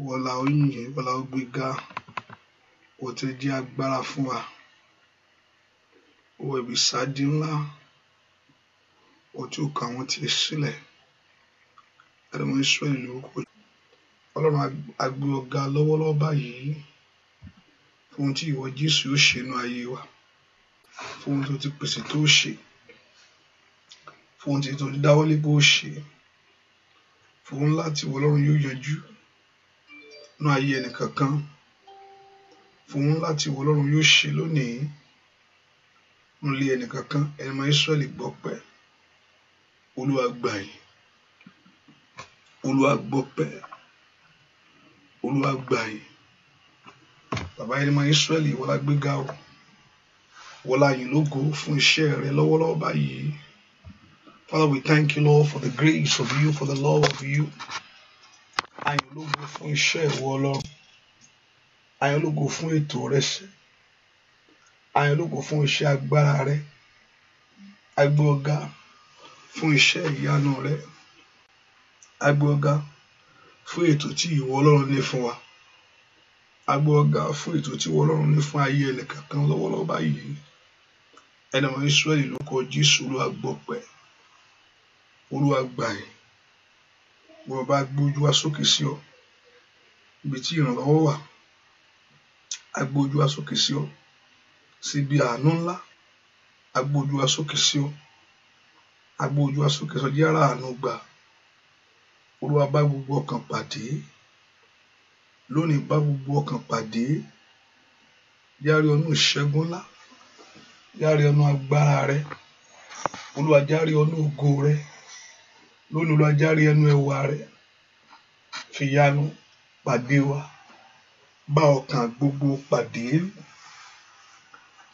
ìwọ la ó yìn ìwọ la ó gbé ga ìwọ tí ó jẹ́ agbára fún wa ìwọ ìbìsádi ńlá ìwọ tí ó kà wọ́n ti sílẹ̀ ẹ̀rọ Ísírẹ́lì ní orúkọ Ọlọ́run a gbé ọ ga lọ́wọ́lọ́wọ́ báyìí fún ohun tí ìwọ Jésù ó ṣe inú ayé wa fún tó ti pèsè tó ṣe fún tí tó ti dáwọ́lé bó ṣe fún láti wọ yóò yọjú nú ayé ẹnìkankan fún láti wo Ọlọ́run yóò ṣe lónìí nú ilé ẹnìkankan ẹnìmọ Ísírẹ́lì gbọpẹ́ Olúwa gbà yín Olúwa gbọpẹ́ Olúwa gbà yín bàbá ẹnìmọ Ísírẹ́lì wọlá gbéga o wọlá yín lógo fún iṣẹ́ rẹ lọ́wọ́lọ́wọ́ báyìí Father, we thank you, Lord, for the grace of you, for the love of you. Ayọ̀ lógo fún iṣẹ́ ìwọ Ọlọ́run. Ayọ̀ lógo fún ètò rẹ ṣe. Ayọ̀ lógo fún iṣẹ́ agbára rẹ. Agbé ọ̀gá fún iṣẹ́ ìyanu rẹ. Agbé ọ̀gá fún ètò tí ìwọ Ọlọ́run ní fún wa. Agbé ọ̀gá fún ètò tí ìwọ Ọlọ́run ní fún ayé ẹnì kankan lọ́wọ́lọ́wọ́ báyìí. Ẹni ọmọ Ísírẹ́lì ló kọ Jésù Olúwa gbọpẹ́. Olúwa gbà bó o bá gbójú wá sókè sí ọ ibi tí ìrànlọ́wọ́ wà a gbójú wá sókè sí ọ síbi àánú ńlá a gbójú wá sókè sí ọ a gbójú wá sókè sí ọ jẹ́ ara àánú gbà olúwa bá gbogbo ọkàn pàdé lónìí bá gbogbo ọkàn pàdé yára ọnú ìṣẹ́gun ńlá yára ọnú agbára rẹ olúwa járe ọnú ògo rẹ lónìí lọ járe ẹnu ẹwà rẹ fìyanu pàdé wa bá ọkàn gbogbo pàdé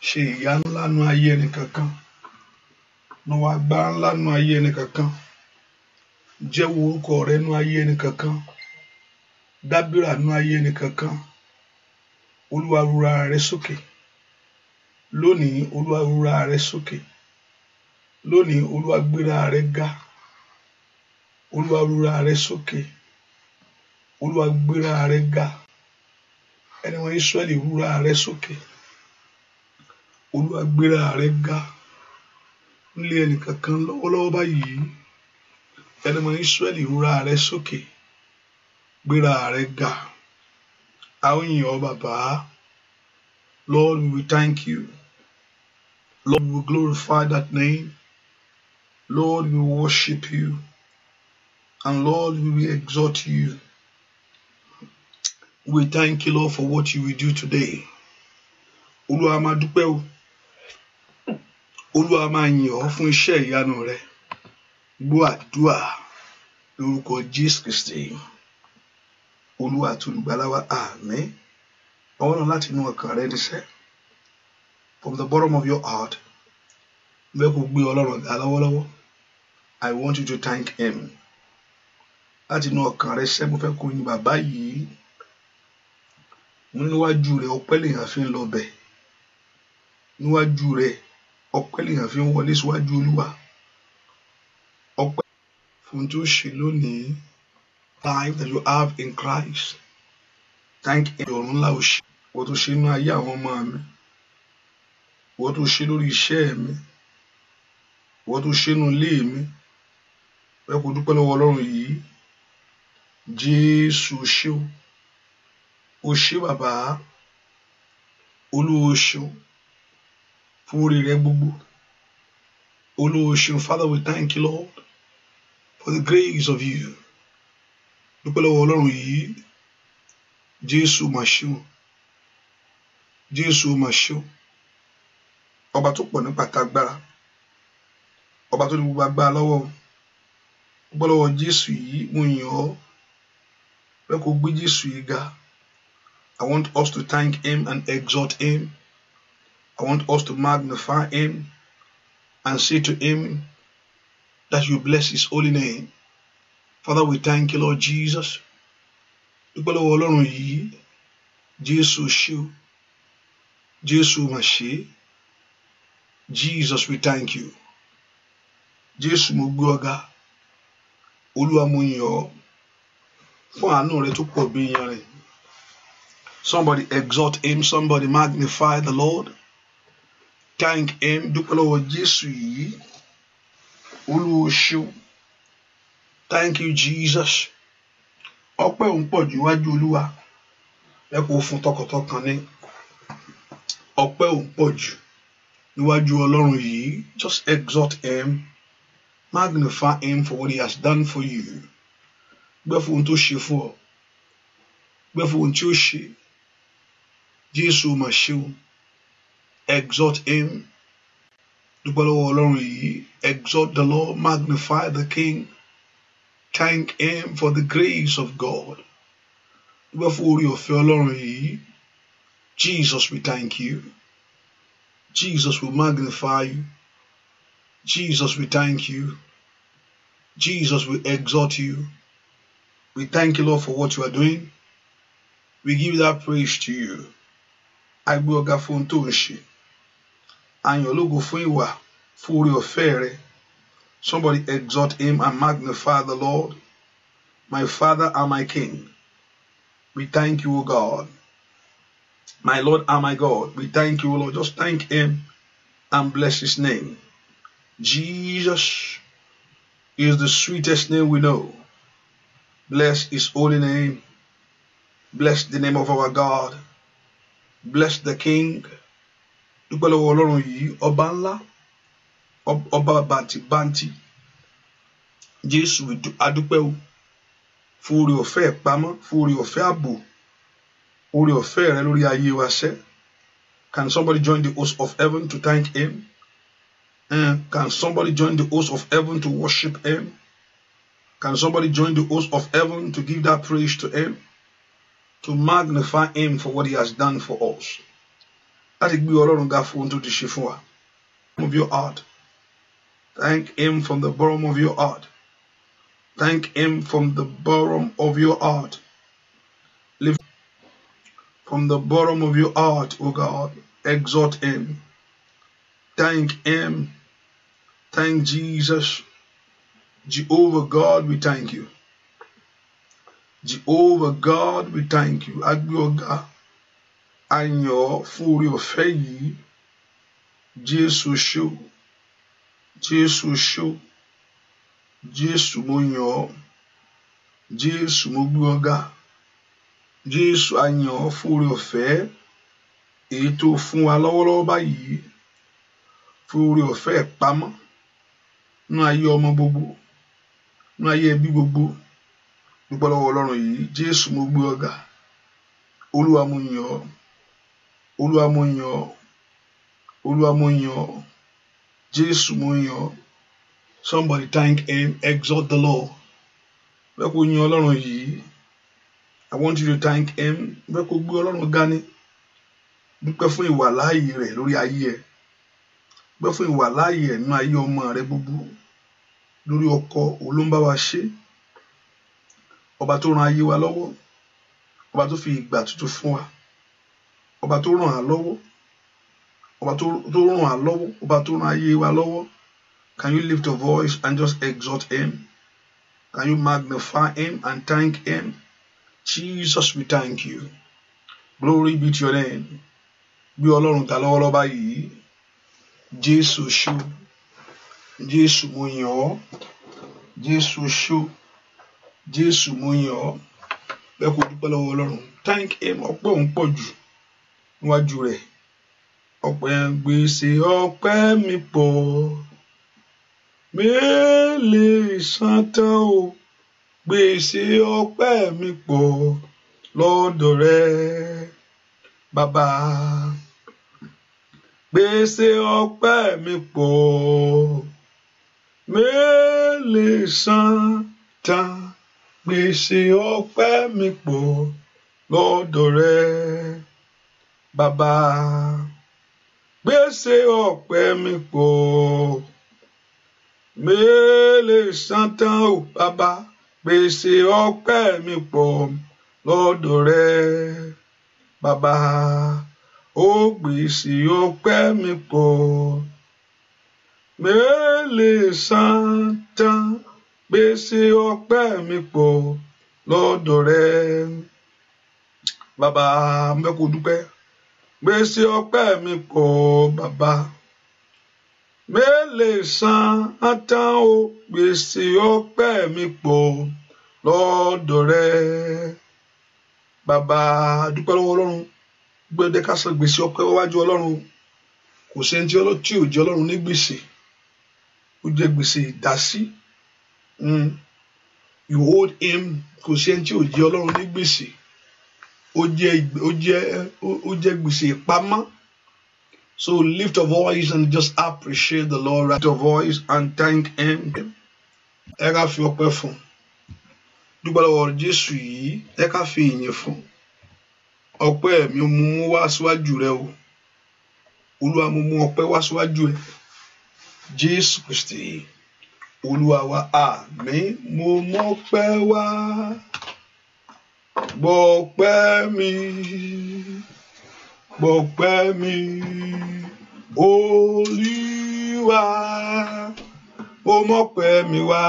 ṣe ìyá ńlá nu ayé ẹnìkankan nu agbára ńlá nu ayé ẹnìkankan jẹ́wọ́ orúkọ rẹ nu ayé ẹnìkankan dábìrà nu ayé ẹnìkankan olúwa rúra rẹ sókè lónìí olúwa rẹ sókè lónìí olúwa rẹ ga olúwa rúra rẹ sókè olúwa gbéra rẹ ga ẹni wọn Ísírẹ́lì rúra rẹ sókè olúwa gbéra rẹ ga nílé ẹnìkankan lọ́wọ́lọ́wọ́ báyìí ẹni wọn Ísírẹ́lì rúra rẹ sókè gbéra rẹ ga àwọn yìí bàbá Lord we thank you Lord we glorify that name Lord we worship you. And Lord, we exhort you. We thank you, Lord, for what you will do today. Olúwa máa dúpẹ́ o. Olúwa máa yìn ọ́ fún iṣẹ́ ìyanu rẹ. Gbọ́ àdúrà lórúkọ Jésù Kristi. Olúwa àtúngbàláwa àmín. Àwọn náà láti inú ọkàn rẹ níṣẹ́. From the bottom of your heart, bẹ́ẹ̀ kò gbé Ọlọ́run ga lọ́wọ́lọ́wọ́. I want you to thank him láti inú ọkàn rẹ ṣe mo fẹ́ kó yin bàbá yìí mo níwájú rẹ ọpẹ́ lèèyàn fi ń lọ bẹ̀ níwájú rẹ ọpẹ́ lèèyàn fi ń wọlé síwájú olúwa ọpẹ́ fún tí ṣe lónìí life that you have in Christ thank you ọ̀run ńlá òṣì wọ́n tó ṣe inú ayé àwọn ọmọ mi wọ́n tó ṣe lórí iṣẹ́ mi wọ́n tó ṣe inú ilé mi ẹ kò dúpẹ́ lọ́wọ́ ọlọ́run yìí jésù ṣé o o ṣé bàbá olúwo ṣeun fún oríire gbogbo olúwo ṣeun father we thank you lord for the grace of you dúpẹ́ lọ́wọ́ ọlọ́run yìí jésù mà ṣeun jésù mà ṣeun ọba tó pọ̀ nípa tagbára ọba tó ní gbogbo agbára lọ́wọ́ gbọ́lọ́wọ́ jésù yìí mo yàn ọ́. Rekogbeji Suiga. I want us to thank Him and exhort Him. I want us to magnify Him and say to Him that you bless His holy name. Father, we thank you, Lord Jesus. Dúpẹ́ lọ́wọ́ Ọlọ́run yìí, Jésù ṣe Jesus, we thank you. Jésù mo gbé ọ̀gá, fún àánú rẹ tó pọ̀ bí iyanrìn somebody exalt him somebody magnify the lord thank him dúpẹ́ lọ́wọ́ jésù yìí olùwòṣù thank you jesus ọpẹ́ òun pọ̀ jù iwájú olúwa ẹ kò fún tọkàntọkàn ní ọpẹ́ òun pọ̀ jù níwájú ọlọ́run yìí just exalt him magnify him for what he has done for you. gbẹ́ fún ohun tó ṣe fún jésù mà exalt him dúpẹ́ lọ́wọ́ ọlọ́run exalt the lord magnify the king thank him for the grace of god dúpẹ́ fún orí ọ̀fẹ́ ọlọ́run jesus we thank you jesus we magnify you jesus we thank you jesus we exalt you. We thank you, Lord, for what you are doing. We give that praise to you. I ọ̀gá fún ohun tó ń your Àyàn lógo Somebody exalt him and magnify the Lord, my Father and my King. We thank you, O God. My Lord and my God, we thank you, o Lord. Just thank him and bless his name. Jesus is the sweetest name we know. Bless his holy name. Bless the name of our God. Bless the King. Dúpẹ́ lọ́wọ́ Ọlọ́run yìí, ọba ńlá, ọba bàǹtìbàǹtì. Jésù adúpẹ́ o, fún oore ọ̀fẹ́ ìpamọ́, fún oore ọ̀fẹ́ ààbò, oore ọ̀fẹ́ rẹ lórí ayé wa ṣẹ́. Can somebody join the host of heaven to thank him? And eh, can somebody join the host of heaven to worship him? Can somebody join the host of heaven to give that praise to Him? To magnify Him for what He has done for us. Láti gbé Ọlọ́run ga fún ohun tó the ṣe Of your heart. Thank Him from the bottom of your heart. Thank Him from the bottom of your heart. Live from the bottom of your heart, O God. Exhort Him. Thank Him. Thank Jesus. Jehovah God, we thank you. Jehovah God, we thank you. Agbé anyo a yàn ọ́ fún orí ọ̀fẹ́ yìí. Jésù ṣó, Jésù ṣó, Jésù mo yàn ọ́, Jésù mo gbé ọ̀gá, Jésù a yàn ọ́ fún orí ọ̀fẹ́ èyí wa lọ́wọ́lọ́wọ́ báyìí. Fún orí ọ̀fẹ́ pamọ́ nínú ọmọ gbogbo ní ayé ẹbí gbogbo dúpẹ́ lọ́wọ́ ọlọ́run yìí jésù mo gbé ọ ga olúwa mo jésù mo yàn somebody thank him exalt the lord bẹ́ẹ̀ kó yìn ọlọ́run yìí i want you to thank him bẹ́ẹ̀ kó gbé ọlọ́run ga ni dúpẹ́ fún ìwà láàyè rẹ̀ lórí ayé ẹ̀ dúpẹ́ fún ìwà ẹ̀ nínú ayé ọmọ rẹ̀ gbogbo lórí ọkọ òun ló ń bá wa ṣe ọba tó ran ayé wa lọ́wọ́ ọba tó fi ìgbà tuntun fún wa ọba tó ràn á lọ́wọ́ ọba tó ràn á lọ́wọ́ ọba tó ran ayé wa lọ́wọ́ can you lift your voice and just exalt him can you magnify him and thank him Jesus we thank you glory be to your name bí ọlọ́run ta lọ́wọ́lọ́wọ́ báyìí Jésù ṣùgbọ́n jésù mo yàn ọ́ jésù ṣó jésù mo yàn ọ́ bẹ́ẹ̀ kò dúpẹ́ lọ́wọ́ ọlọ́run thank him ọpẹ́ òun pọ̀ jù níwájú rẹ̀ ọpẹ́ gbèsè ọpẹ́ mi pọ̀ mélèé san tán o gbèsè ọpẹ́ mi pọ̀ lọ́dọ̀ rẹ bàbá gbèsè ọpẹ́ mi pọ̀. Mele san tán gbèsè ọpẹ́ mi pọ̀ lọ́dọ̀ rẹ bàbá gbèsè ọpẹ́ mi pọ̀ mélèé san tán o bàbá gbèsè ọpẹ́ mi pọ̀ lọ́dọ̀ rẹ bàbá ó gbèsè ọpẹ́ mi pọ̀ mélèé san tán gbèsè ọpẹ́ mi pọ̀ lọ́dọ̀ rẹ bàbá mẹkọ dúpẹ́ gbèsè ọpẹ́ mi pọ̀ bàbá mélèé san tán o gbèsè ọpẹ́ mi pọ̀ lọ́dọ̀ rẹ bàbá dúpẹ́ lọ́wọ́ ọlọ́run gbẹdẹ ká san gbèsè ọpẹ́ wájú ọlọ́run kò sí ẹni tí ò jẹ ọlọ́run ní gbèsè ó jẹ gbèsè ìdásí hmm. you hold him kò sí ẹni tí ò jẹ Ọlọ́run ní gbèsè ó jẹ ó jẹ ó jẹ gbèsè ìpamọ́ so lift your voice and just appreciate the Lord lift your voice and thank him ẹ ká fi ọpẹ́ fún dúpẹ́ lọ́wọ́ Jésù yìí ẹ ká fi ìyìn fún ọpẹ́ mi mú wá síwájú rẹ o Olúwa mo mú ọpẹ́ wá síwájú ẹ jésù kristi olúwa wa àmín mo mọpẹ́ wá gbọpẹ́ mi gbọpẹ́ mi olúwa mo mọpẹ́ mi wá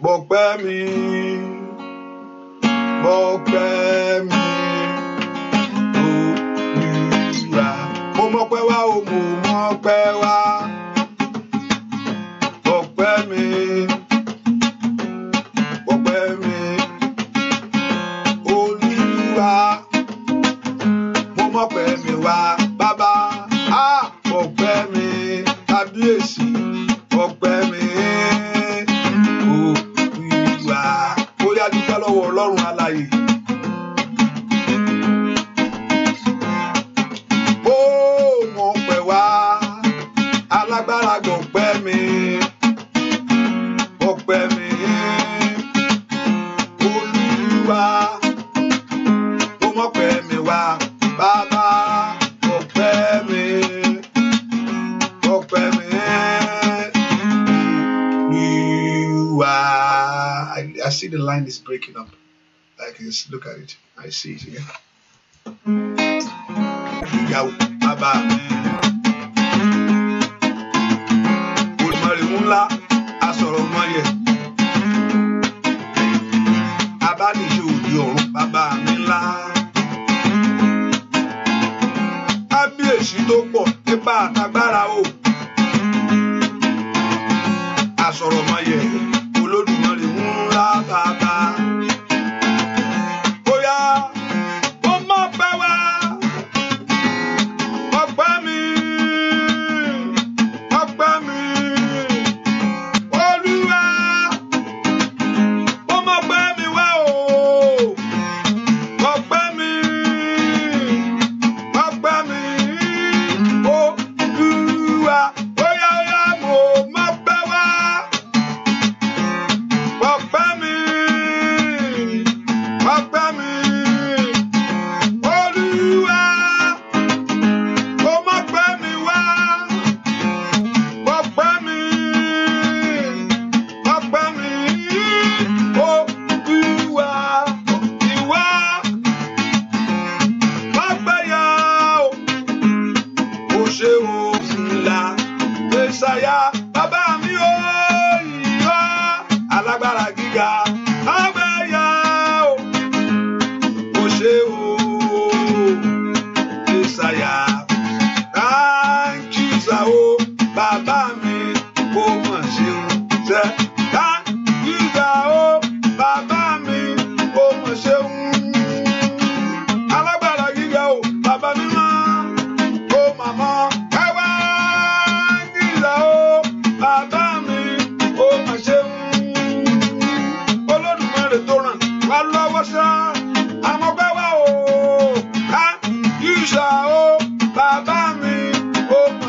gbọpẹ́ mi gbọpẹ́ mi olúwa mo mọpẹ́ mú mọ́pẹ́ wá. just look at it. I see it again.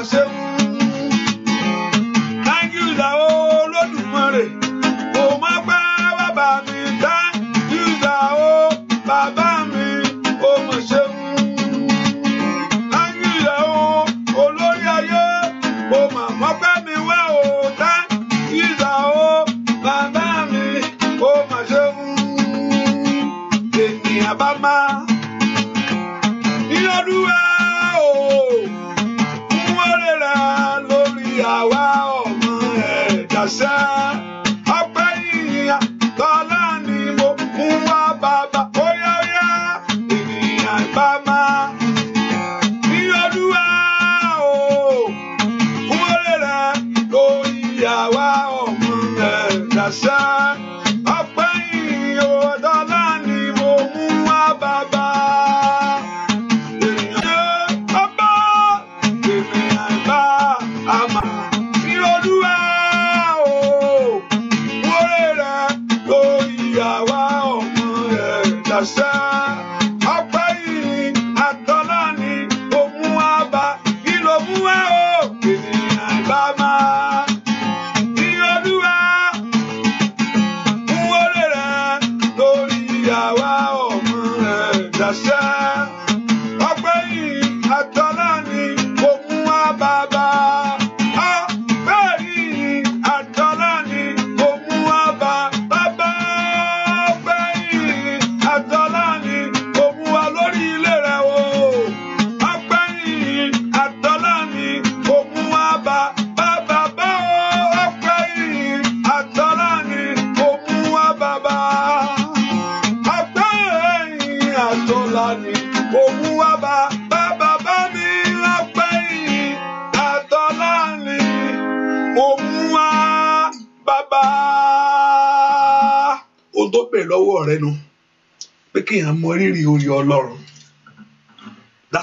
myself.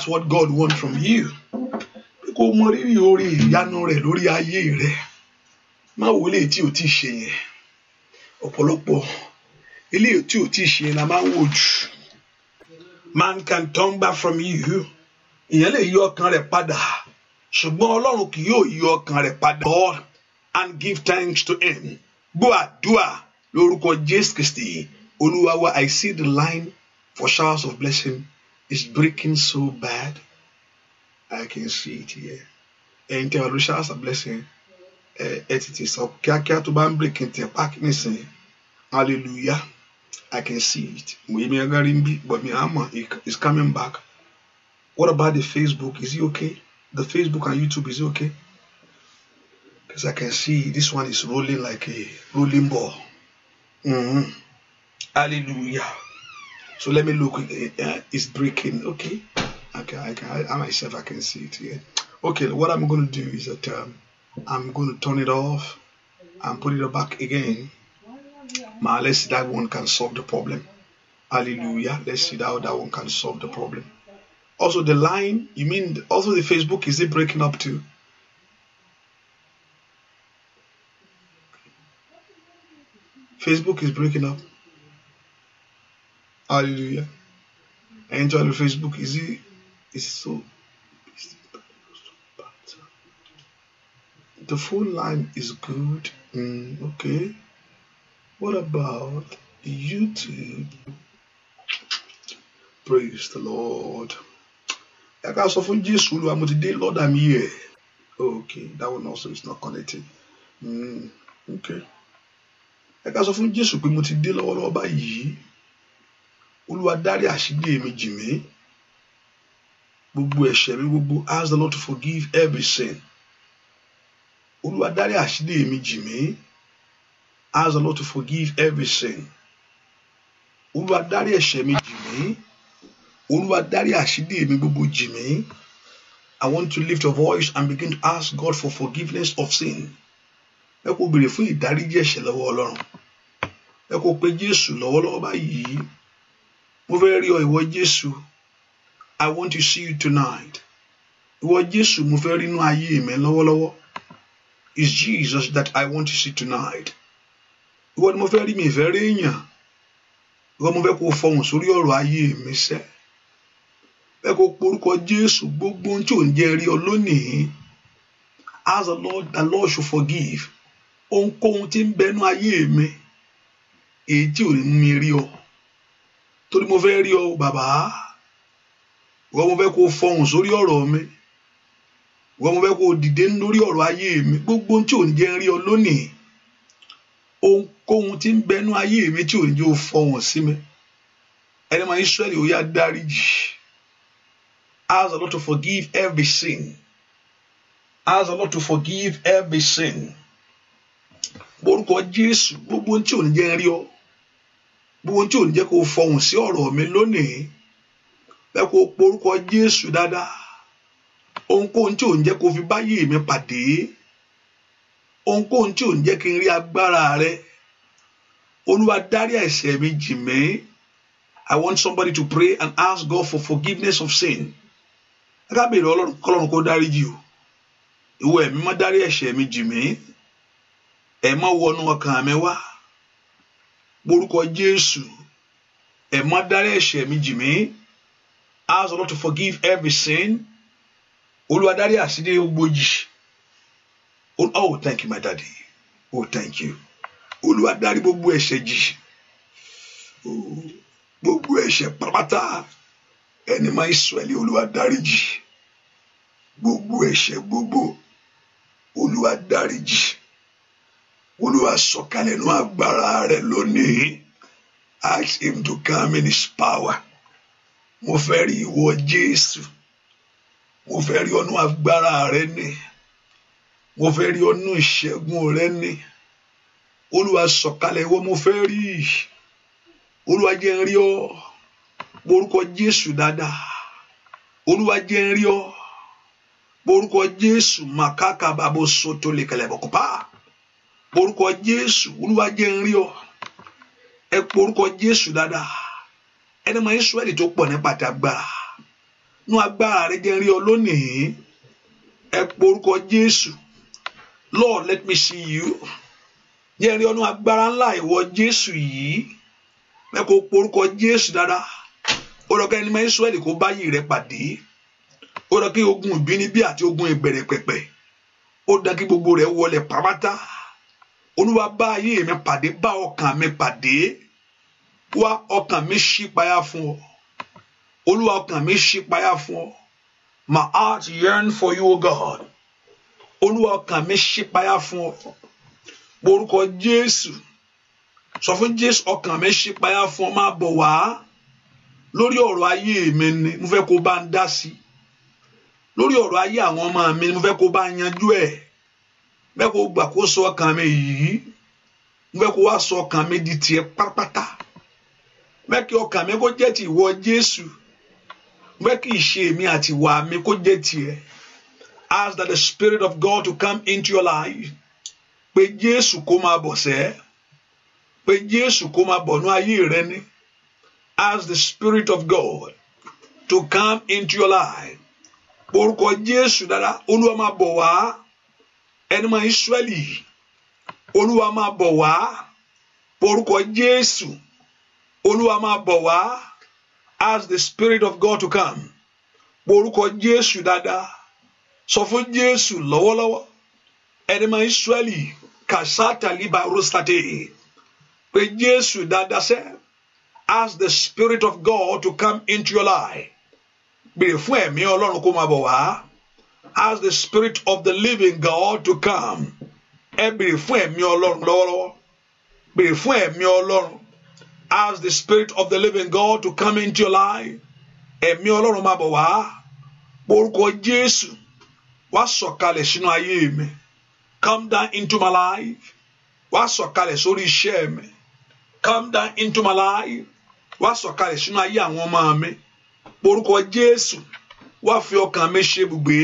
what God wants from you pé kó mọ rírì orí ìyanu rẹ̀ lórí ayé rẹ̀ má wo ilé tí o ti ṣe yẹn ọ̀pọ̀lọpọ̀ ilé tí o ti ṣe la máa ń wò jù man can turn back from you ìyẹn lè yí ọkàn rẹ̀ padà ṣùgbọ́n Ọlọ́run kì yóò yí ọkàn rẹ̀ padà all and give thanks to him gbọ́ àdúà lórúkọ Jésù Kristi olúwa wa I see the line for showers of blessing. It's breaking so bad. I can see it here. Ẹ̀yin the wàá lu a blessing ẹ So, sọ kíákíá tó bá ń break tẹ páàkì nísìnyí. Hallelujah. I can see it. Mo yẹ mi ẹgbẹ́ rí but mi àmọ̀ is coming back. What about the Facebook? Is he okay? The Facebook and YouTube is he okay? Because I can see this one is rolling like a rolling ball. Mm-hmm. Hallelujah. So let me look. Uh, uh, it's breaking. Okay. Okay. I, can, I, I myself I can see it here. Okay. What I'm going to do is that um, I'm going to turn it off and put it back again. Now let's see that one can solve the problem. Hallelujah. Let's see how that one can solve the problem. Also the line. You mean also the Facebook is it breaking up too? Facebook is breaking up. Alléluia. And on Facebook, is it is so the phone line is good. Mm, okay. What about YouTube? Praise the Lord. ẹ ká sọ fún jésù olúwa mo ti dé lọ́dà mi okay that one also is not connected mm, okay ẹ ká sọ fún jésù pé mo ti dé lọ́wọ́lọ́wọ́ báyìí olúwa dárí àṣírí èmi jì mí gbogbo ẹ̀ṣẹ̀ mi gbogbo ask the Lord to forgive every sin olúwa dárí àṣírí èmi jì mí ask the Lord to forgive every sin olúwa dárí ẹ̀ṣẹ̀ mi jì mí olúwa dárí àṣírí èmi gbogbo jì mí I want to lift your voice and begin to ask God for forgiveness of sin ẹ kò béèrè fún ìdáríjì ẹ̀ṣẹ̀ lọ́wọ́ Ọlọ́run ẹ kò pe Jésù lọ́wọ́lọ́wọ́ báyìí mo fẹ́ rí ọ ìwọ Jésù I want to see you tonight ìwọ Jésù mo fẹ́ rí inú ayé mi lọ́wọ́lọ́wọ́ it's Jesus that I want to see tonight ìwọ ni mo fẹ́ rí mi ìfẹ́ rí èèyàn ìwọ mo fẹ́ kó fọhùn sórí ọ̀rọ̀ ayé mi sẹ́ fẹ́ kó porúkọ Jésù gbogbo ohun tí ò ń jẹ́ rí ọ lónìí as the Lord the Lord should forgive ohunkóhun tí ń bẹnu ayé mi èyí tí ò ní mú mi rí ọ torí mo fẹ́ rí ọ bàbá wọ́n mo fẹ́ kó fọhùn sórí ọ̀rọ̀ mi wọ́n mo fẹ́ kó dìde lórí ọ̀rọ̀ ayé mi gbogbo tí ò ní jẹ́ ń rí ọ lónìí ohunkóhun tí ń bẹnu ayé mi tí ò ní jẹ́ ó fọhùn sí mi ẹni máa Israẹli ó yá dáríjì ask the Lord to forgive every sin ask the Lord to forgive every sin orúkọ Jésù gbogbo tí ò ní jẹ́ ń rí ọ gbogbo tí ò ní jẹ́ kó fọhùn sí ọ̀rọ̀ mi lónìí bẹ́ẹ̀ kó porúkọ Jésù dáadáa ohunkóhun tí ò ní jẹ́ kó fi báyé mi pàdé ohunkóhun tí ò ní jẹ́ kí n rí agbára rẹ olúwa dárí ẹ̀ṣẹ̀ mi jì mí I want somebody to pray and ask God for forgiveness of sin rábìrì ọlọ́run kó dárí jì o ìwọ ẹ̀mí má dárí ẹ̀ṣẹ̀ mi jì mí ẹ̀ má wọnú ọkàn mi wá morúkọ jésù ẹ má dárí ẹ̀ṣẹ̀ mi jì mí ask the lord to forgive every sin olúwa dárí àṣírí gbogbo jì oh, oh thank you my daddy oh thank you olúwa dárí gbogbo ẹ̀ṣẹ̀ jì gbogbo ẹ̀ṣẹ̀ pátá ẹni máa Ísírẹ́lì olúwa dáríjì gbogbo ẹ̀ṣẹ̀ gbogbo olúwa dáríjì olúwa sọ̀kalẹ̀ nínú agbára rẹ̀ lónìí ask him to come in his power mo fẹ́ rí ìwọ jésù mo fẹ́ rí ọnú agbára rẹ ní mo fẹ́ rí ọnú ìṣẹ́gun rẹ ní olúwa sọ̀kalẹ̀ ìwọ mo fẹ́ rí olúwa jẹ́ n rí ọ orúkọ jésù dáadáa olúwa jẹ́ rí ọ orúkọ jésù màkàkà bàbá sotolẹ̀kẹlẹ̀ bọ̀kọ̀pá porúkọ jésù olúwa jẹ́ ń rí ọ ẹ porúkọ jésù dáadáa ẹni mọ israẹli tó pọ̀ nípa ti agbára nú agbára rẹ jẹ́ ń rí ọ lónìí ẹ porúkọ jésù lord let me see you jẹ́ ń rí ọ nú agbára ńlá ìwọ jésù yìí mẹ́kọ̀ porúkọ jésù dáadáa ó rọ kẹ́ni mọ israẹli kó báyìí rẹ pàdé ó ogun ìbínibí àti ogun ìbẹ̀rẹ̀ ó dá gbogbo rẹ̀ wọlé pàmátá olúwa bá ayé mi pàdé bá ọkàn mi pàdé wá ọkàn mi ṣí payá fún ọ olúwa ọkàn mi ṣí payá fún ọ my heart yearn for you o God olúwa ọkàn mi ṣí payá fún ọ orúkọ Jésù sọ fún Jésù ọkàn mi ṣí payá fún ọ máa bọ̀ wá lórí ọ̀rọ̀ ayé mi ni mo fẹ́ kó bá ń dá sí lórí ọ̀rọ̀ ayé àwọn ọmọ mi ni mo fẹ́ kó bá yanjú ẹ̀ bẹ́ẹ̀ kó gbà kó sọ ọkàn mi yìí bẹ́ẹ̀ kó wá sọ ọkàn mi di tiẹ̀ e pátápátá bẹ́ẹ̀ kí ọkàn mi kó jẹ́ ti ìwọ Jésù bẹ́ẹ̀ kí ìṣe mi àti ìwà mi kó jẹ́ tiẹ̀ ask that the spirit of God to come into your life pé Jésù kó máa bọ̀ sẹ́ pé Jésù kó máa bọ̀ nú ayé rẹ ní ask the spirit of God to come into your life orúkọ Jésù dára Olúwa máa bọ̀ wá ẹnumọ Ísírẹ́lì olúwa máa bọ̀ wá porúkọ Jésù olúwa máa bọ̀ wá ask the spirit of God to come porúkọ Jésù dáadáa sọ fún Jésù lọ́wọ́lọ́wọ́ ẹnumọ Ísírẹ́lì kàṣátàlíbà rostate pé Jésù dáadáa sẹ́ ask the spirit of God to come into your life béèrè fún ẹ̀mí Ọlọ́run kó máa bọ̀ wá ask the spirit of the living God to come ẹ bèrè fún ẹ̀mí ọlọ́run lọ́wọ́lọ́wọ́ bèrè fún ẹ̀mí ọlọ́run ask the spirit of the living God to come into your life ẹ̀mí ọlọ́run máa bọ̀ wá orúkọ Jésù wá sọ̀kalẹ̀ sínú ayé mi come down into my life wá sọ̀kalẹ̀ sórí iṣẹ́ mi come down into my life wá sọ̀kalẹ̀ sínú ayé àwọn ọmọ mi orúkọ Jésù wá fi ọkàn mi ṣe ibùgbé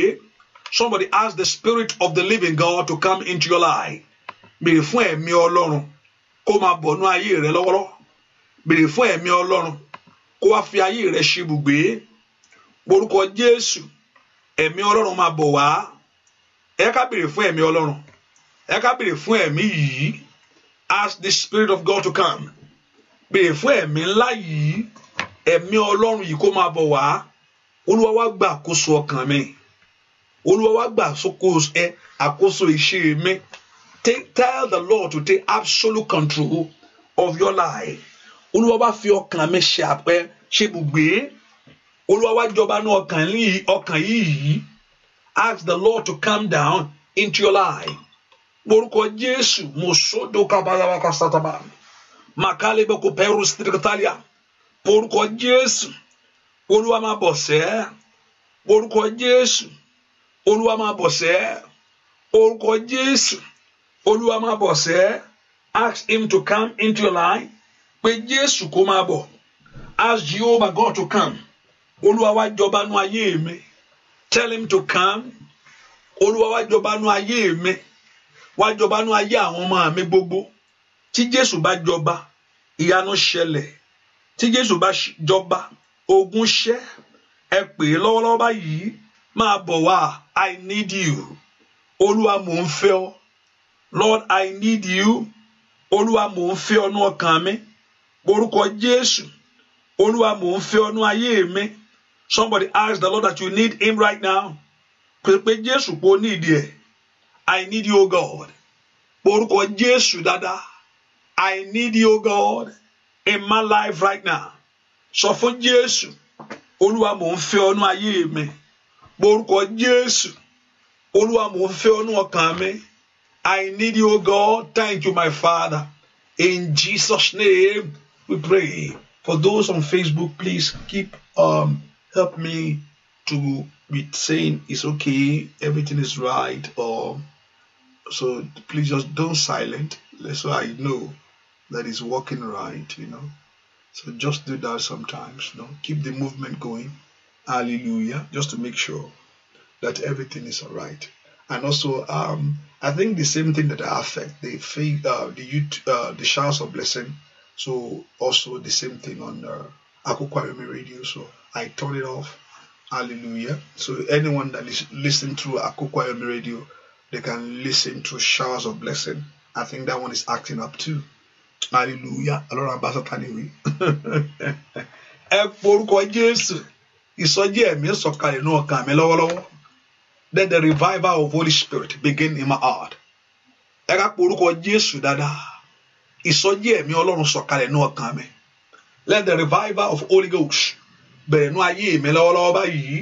Somebody ask the spirit of the living God to come into your life. Béèrè fún ẹ̀mí Ọlọ́run kó máa bọ̀ nú ayé rẹ lọ́wọ́lọ́. Béèrè fún ẹ̀mí Ọlọ́run kó wá fi ayé rẹ ṣibùgbé. Orúkọ Jésù ẹ̀mí Ọlọ́run máa bọ̀ wá. Ẹ ká béèrè fún ẹ̀mí Ọlọ́run. Ẹ ká béèrè fún ẹ̀mí yìí. Ask the spirit of God to come. Béèrè fún ẹ̀mí ńlá yìí. Ẹ̀mí Ọlọ́run yìí kó máa bọ̀ wá. Olúwa wá gbàkóso ọkàn mi olúwa wá gbà àkóso iṣẹ́ mi tell the lord to take absolute control of your life olúwa wá fi ọkàn mi ṣe àpẹ ṣe bùgbé olúwa wá jọba ní ọkàn yìí ask the lord to calm down into your life orúkọ jésù mọ̀sódò kábàlàwàkà sátàbà màkàlẹ́bẹ̀ kò pẹ́rù sítíríkítàlíà orúkọ jésù olúwa máa bọ̀ sẹ́ orúkọ jésù olúwa máa bọ̀ sẹ́ orúkọ jésù olúwa máa bọ̀ sẹ́ ask him to come into your life pé jésù kó máa bọ̀ ask jehovah god to come olúwa wá jọba nú ayé mi tell him to come olúwa wá jọba nú ayé mi wá jọba nú ayé àwọn ọmọ mi gbogbo tí jésù bá jọba ìyanu ṣẹlẹ̀ tí jésù bá jọba ogun ṣẹ ẹ pè é lọ́wọ́lọ́wọ́ báyìí máa bọ̀ wá i need you olúwa mò ń fẹ́ ọ lord i need you olúwa mò ń fẹ́ ọnú ọkàn mi orúkọ jésù olúwa mò ń fẹ́ ọnú ayé mi somebody ask the lord that you need him right now pé jésù pé o ní ìdí ẹ i need you o god orúkọ jésù dáadáa i need you god in my life right now sọ fún jésù olúwa mò ń fẹ́ ọnú ayé mi. Borúkọ Jésù. Olúwa mo fẹ́ ọnú ọkàn mi. I need you, God. Thank you, my Father. In Jesus' name, we pray. For those on Facebook, please keep um help me to be saying it's okay, everything is right, or so please just don't silent so I know that it's working right, you know. So just do that sometimes, you know. Keep the movement going. Hallelujah. Just to make sure that everything is all right. And also, um, I think the same thing that I affect the faith, uh, the youth, uh, the showers of blessing. So also the same thing on uh, Akukwaremi radio. So I turn it off. Hallelujah. So anyone that is listening through Akukwaremi radio, they can listen to showers of blessing. I think that one is acting up too. Hallelujah. Lord Ambassador Taniwi. Ẹ forúkọ ìsọjí ẹ̀mí sọ̀kalẹ̀ inú ọkàn mi lọ́wọ́lọ́wọ́ let the revival of Holy Spirit begin in my heart ẹ ká pe orúkọ Jésù dáadáa ìsọjí ẹ̀mí Ọlọ́run sọ̀kalẹ̀ inú ọkàn mi let the revival of Holy Ghost bẹ̀rẹ̀ inú ayé mi lọ́wọ́lọ́wọ́ báyìí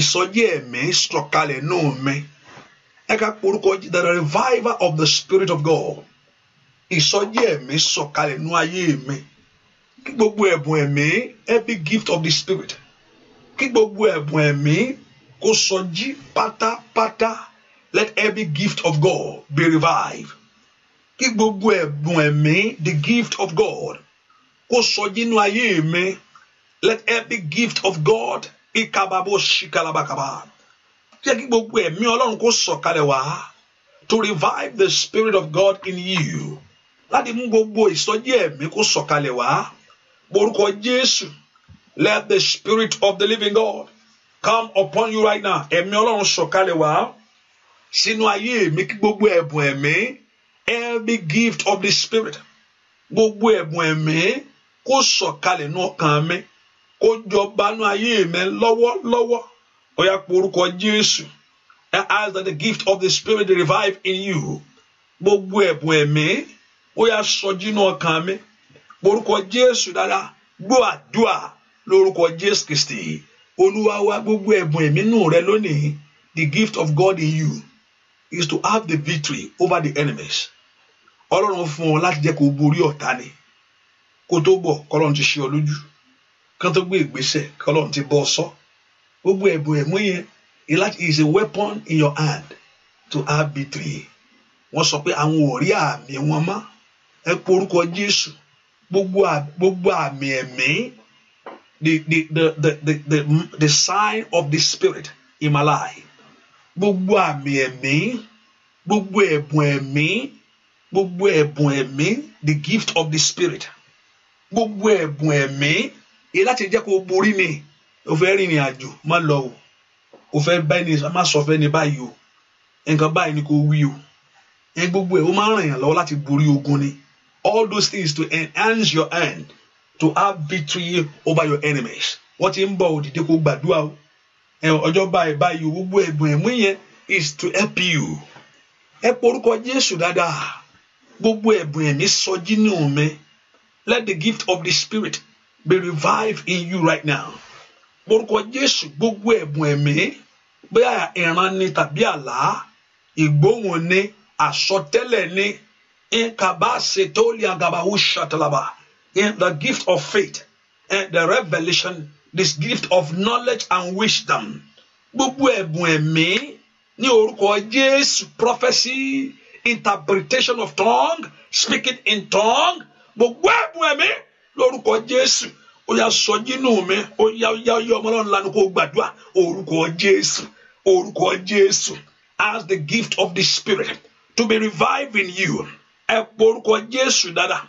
ìsọjí ẹ̀mí sọ̀kalẹ̀ inú mi ẹ ká pe orúkọ the revival of the Spirit of God ìsọjí ẹ̀mí sọ̀kalẹ̀ inú ayé mi gbogbo ẹ̀bùn ẹ̀mí every gift of the Spirit kí gbogbo ẹ̀bùn ẹ̀mí kó sọjí pátápátá let every gift of God be revived kí gbogbo ẹ̀bùn ẹ̀mí the gift of God kó sọjí inú ayé mi let every gift of God ikababo ṣìkàlàbàkàbà jẹ́ kí gbogbo ẹ̀mí ọlọ́run kó sọ̀kalẹ̀ wá to revive the spirit of God in you láti mú gbogbo ìsọjí ẹ̀mí kó sọ̀kalẹ̀ wá borúkọ Jésù Let the spirit of the living God come upon you right now. Ẹ̀mí Ọlọ́run sọ̀kalẹ̀ wá sínú ayé mi kí gbogbo ẹ̀bùn ẹ̀mí every gift of the spirit gbogbo ẹ̀bùn ẹ̀mí kó sọ̀kalẹ̀ nú ọkàn mi kó jọba nú ayé mi lọ́wọ́lọ́wọ́ ó yá pé orúkọ Jésù and ask that the gift of the spirit revive in you gbogbo ẹ̀bùn ẹ̀mí ó yá sọjí nú ọkàn mi orúkọ Jésù dáadáa gbọ́ àdúrà lórúkọ Jésù Kristi olúwa wa gbogbo ẹ̀bùn ẹ̀mí nù rẹ lónìí the gift of God in you is to have the victory over the enemies ọlọ́run fún ọ láti jẹ́ kó o borí ọ̀tá ni kó tó bọ̀ kọ́lọ́run ti ṣe ọ lójú kán tó gbé ìgbésẹ̀ kọ́lọ́run ti bọ́ ọ sọ gbogbo ẹ̀bùn ẹ̀mú yẹn is a weapon in your hand to have victory wọ́n sọ pé àwọn ò rí àmì wọn mọ́ ẹ porúkọ Jésù gbogbo àmì ẹ̀mí the, the, the, the, the, the, the sign of the spirit in my life. Gbogbo àmì ẹ̀mí, gbogbo ẹ̀bùn ẹ̀mí, gbogbo ẹ̀bùn ẹ̀mí, the gift of the spirit. Gbogbo ẹ̀bùn ẹ̀mí, èyí láti jẹ́ kó borí mi, o fẹ́ rìnrìn àjò, má lọ o, o fẹ́ bá ẹni má sọ fẹ́ ni báyìí o, nǹkan báyìí ni kò wí o. Ẹ gbogbo ẹ̀ o máa ń ràn yàn lọ́wọ́ láti borí ogun ni. All those things to enhance your end to have victory over your enemies What ti ń bọ̀ òdìdí kó gbàdúrà o ọjọ́ báyìí báyìí gbogbo ẹ̀bùn ẹ̀mú yẹn is to help you ẹ porúkọ Jésù dáadáa gbogbo ẹ̀bùn ẹ̀mí sọjí ní òmẹ let the gift of the spirit be revived in you right now porúkọ Jésù gbogbo ẹ̀bùn ẹ̀mí bóyá ìran ni tàbí àlá ìgbóhùn ni àsọtẹ́lẹ̀ ni nkàbá ṣètò lè àgàbà ó ṣàtàlàbà in the gift of faith and the revelation this gift of knowledge and wisdom gbogbo ẹ̀bùn ẹ̀mí ní orúkọ Jésù prophecy interpretation of tongue speaking in tongue gbogbo ẹ̀bùn ẹ̀mí lórúkọ Jésù ó yá sọjí nù mí ó yá yá yọ ọmọ náà lánàá kó gbàdúrà orúkọ Jésù orúkọ Jésù as the gift of the spirit to be revived in you ẹ pọ orúkọ Jésù dáadáa.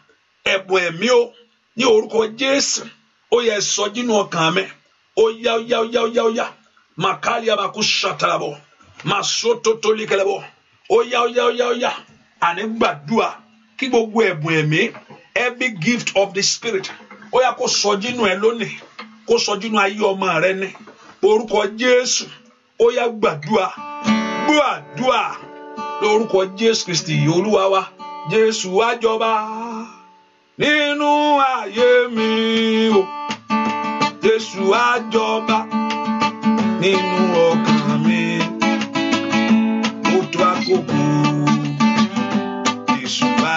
ẹbùn ẹmí o ní orúkọ jésù ó yẹ sọ jínú ọkàn mẹ ó yá ó yá ó yá ó yá ó yá màkàlí abakú ṣàtàlábọ màá so tótó likẹlẹbọ ó yá ó yá ó yá ó yá àní gbàdúà kí gbogbo ẹbùn ẹmí every gift of the spirit ó yà kó sọ jínú ẹ lónìí kó sọ jínú ayé ọmọ rẹ ní orúkọ jésù ó yá gbàdúà gbàdúà lórúkọ jésù kristi olúwa wa jésù wájọba. nínú ayé mi o Jésù á jọba nínú ọkàn mi mo tó àkókò Jésù á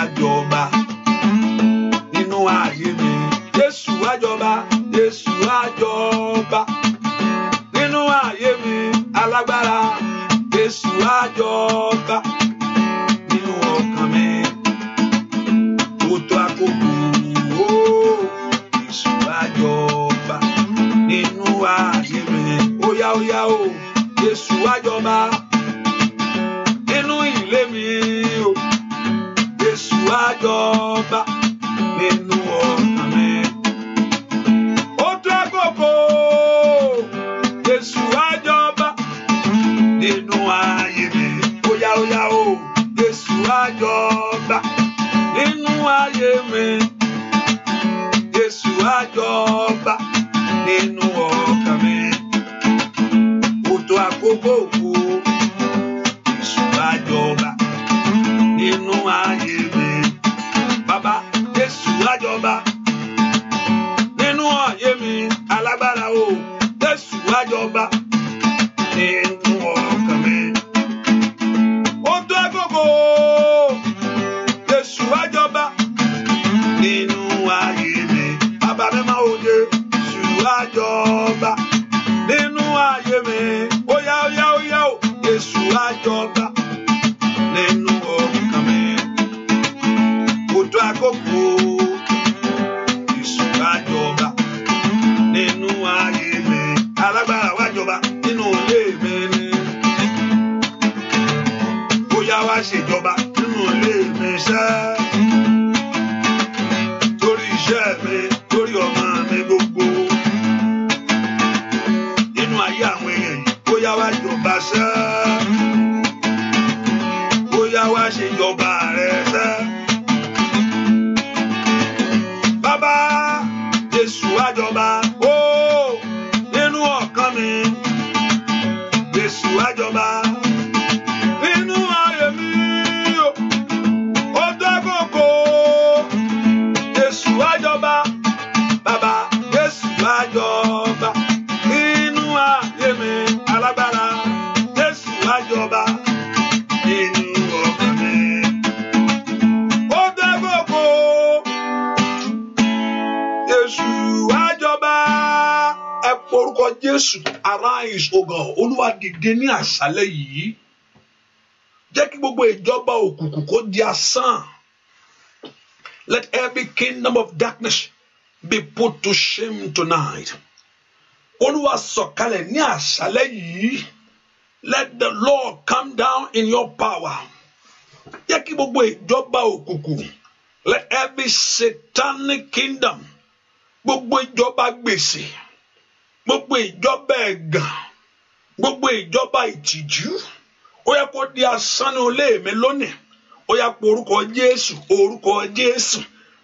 nínú ayé mi Jésù á jọba Jésù á jọba nínú ayé mi alágbára Jésù á óyá óyá o Jésù wá jọba nínú ilé mi o Jésù wá jọba nínú ọkàn mi. Ó tó àkókò Jésù wá nínú ayé mi óyá óyá o Jésù wá jọba nínú ayé mi Jésù wá nínú. love. àṣálẹ́ yìí jẹ́ kí gbogbo ìjọba òkùnkùn kó di asán let every kingdom of darkness be put to shame tonight olúwa sọ̀kalẹ̀ ní àṣálẹ́ yìí let the Lord come down in your power jẹ́ kí gbogbo ìjọba òkùnkùn let every satanic kingdom gbogbo ìjọba gbèsè gbogbo ìjọba ẹ̀gàn. gbogbo ìjọba ìtìjú ó yẹ kó di asán ní olé mi lónìí ó yẹ kó orúkọ jésù orúkọ jésù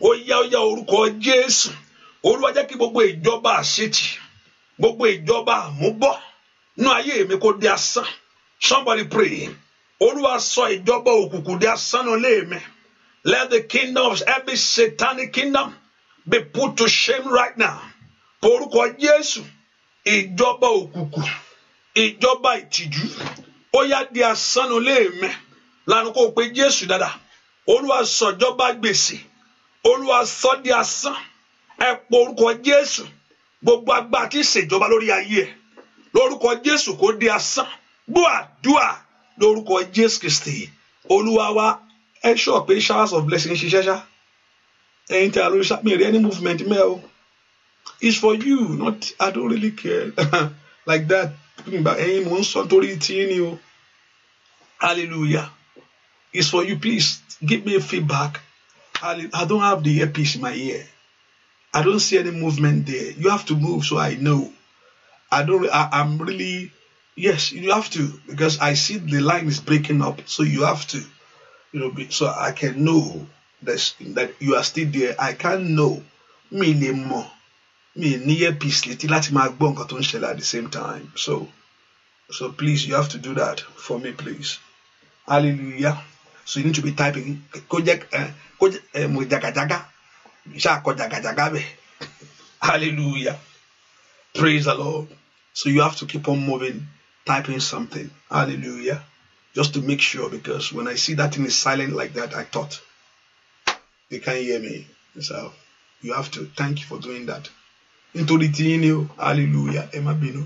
ó yá ó yá orúkọ jésù olúwa kí gbogbo ìjọba àṣetì gbogbo ìjọba àmúbọ̀ nínú ayé mi kó di asán somebody pray olúwa sọ ìjọba òkùnkùn di asán ní olé mi let the kingdom of every satanic kingdom be put to shame right now orúkọ jésù ìjọba òkùnkùn. ìjọba ìtìjú ó yá di asánu léèmẹ lánàá kó o pe Jésù dáadáa Olúwa sọjọba gbèsè Olúwa sọ di asán ẹ pọ orúkọ Jésù gbogbo agbá tí ìṣèjọba lórí ayé ẹ lórúkọ Jésù kó di asán gbọ́ àdúà lórúkọ Jésù Kristi Olúwa wa ẹ sọ pé showers of blessing ṣiṣẹ́ ṣá ẹ̀yin tí a lórí ṣá mi rí any movement mẹ́ o it's for you not I don't really care like that. ìgbà ẹ̀yin mò ń sọ torí tí ní o hallelujah it's for you please give me feedback I don't have the earpiece in my ear I don't see any movement there you have to move so I know I don't I, I'm really yes you have to because I see the line is breaking up so you have to you know so I can know that that you are still there I can know me anymore. Me near peace, let láti máa gbọ́ nǹkan tó ń at the same time so so please you have to do that for me please hallelujah so you need to be typing kó jẹ́ eh, kó eh, mo jagajaga kọ jagajaga bẹ̀ hallelujah praise the lord so you have to keep on moving typing something hallelujah just to make sure because when I see that thing is silent like that, I thought they can't hear me. So you have to thank you for doing that. nítorí tiyín ni o hallelujah ẹ má bínú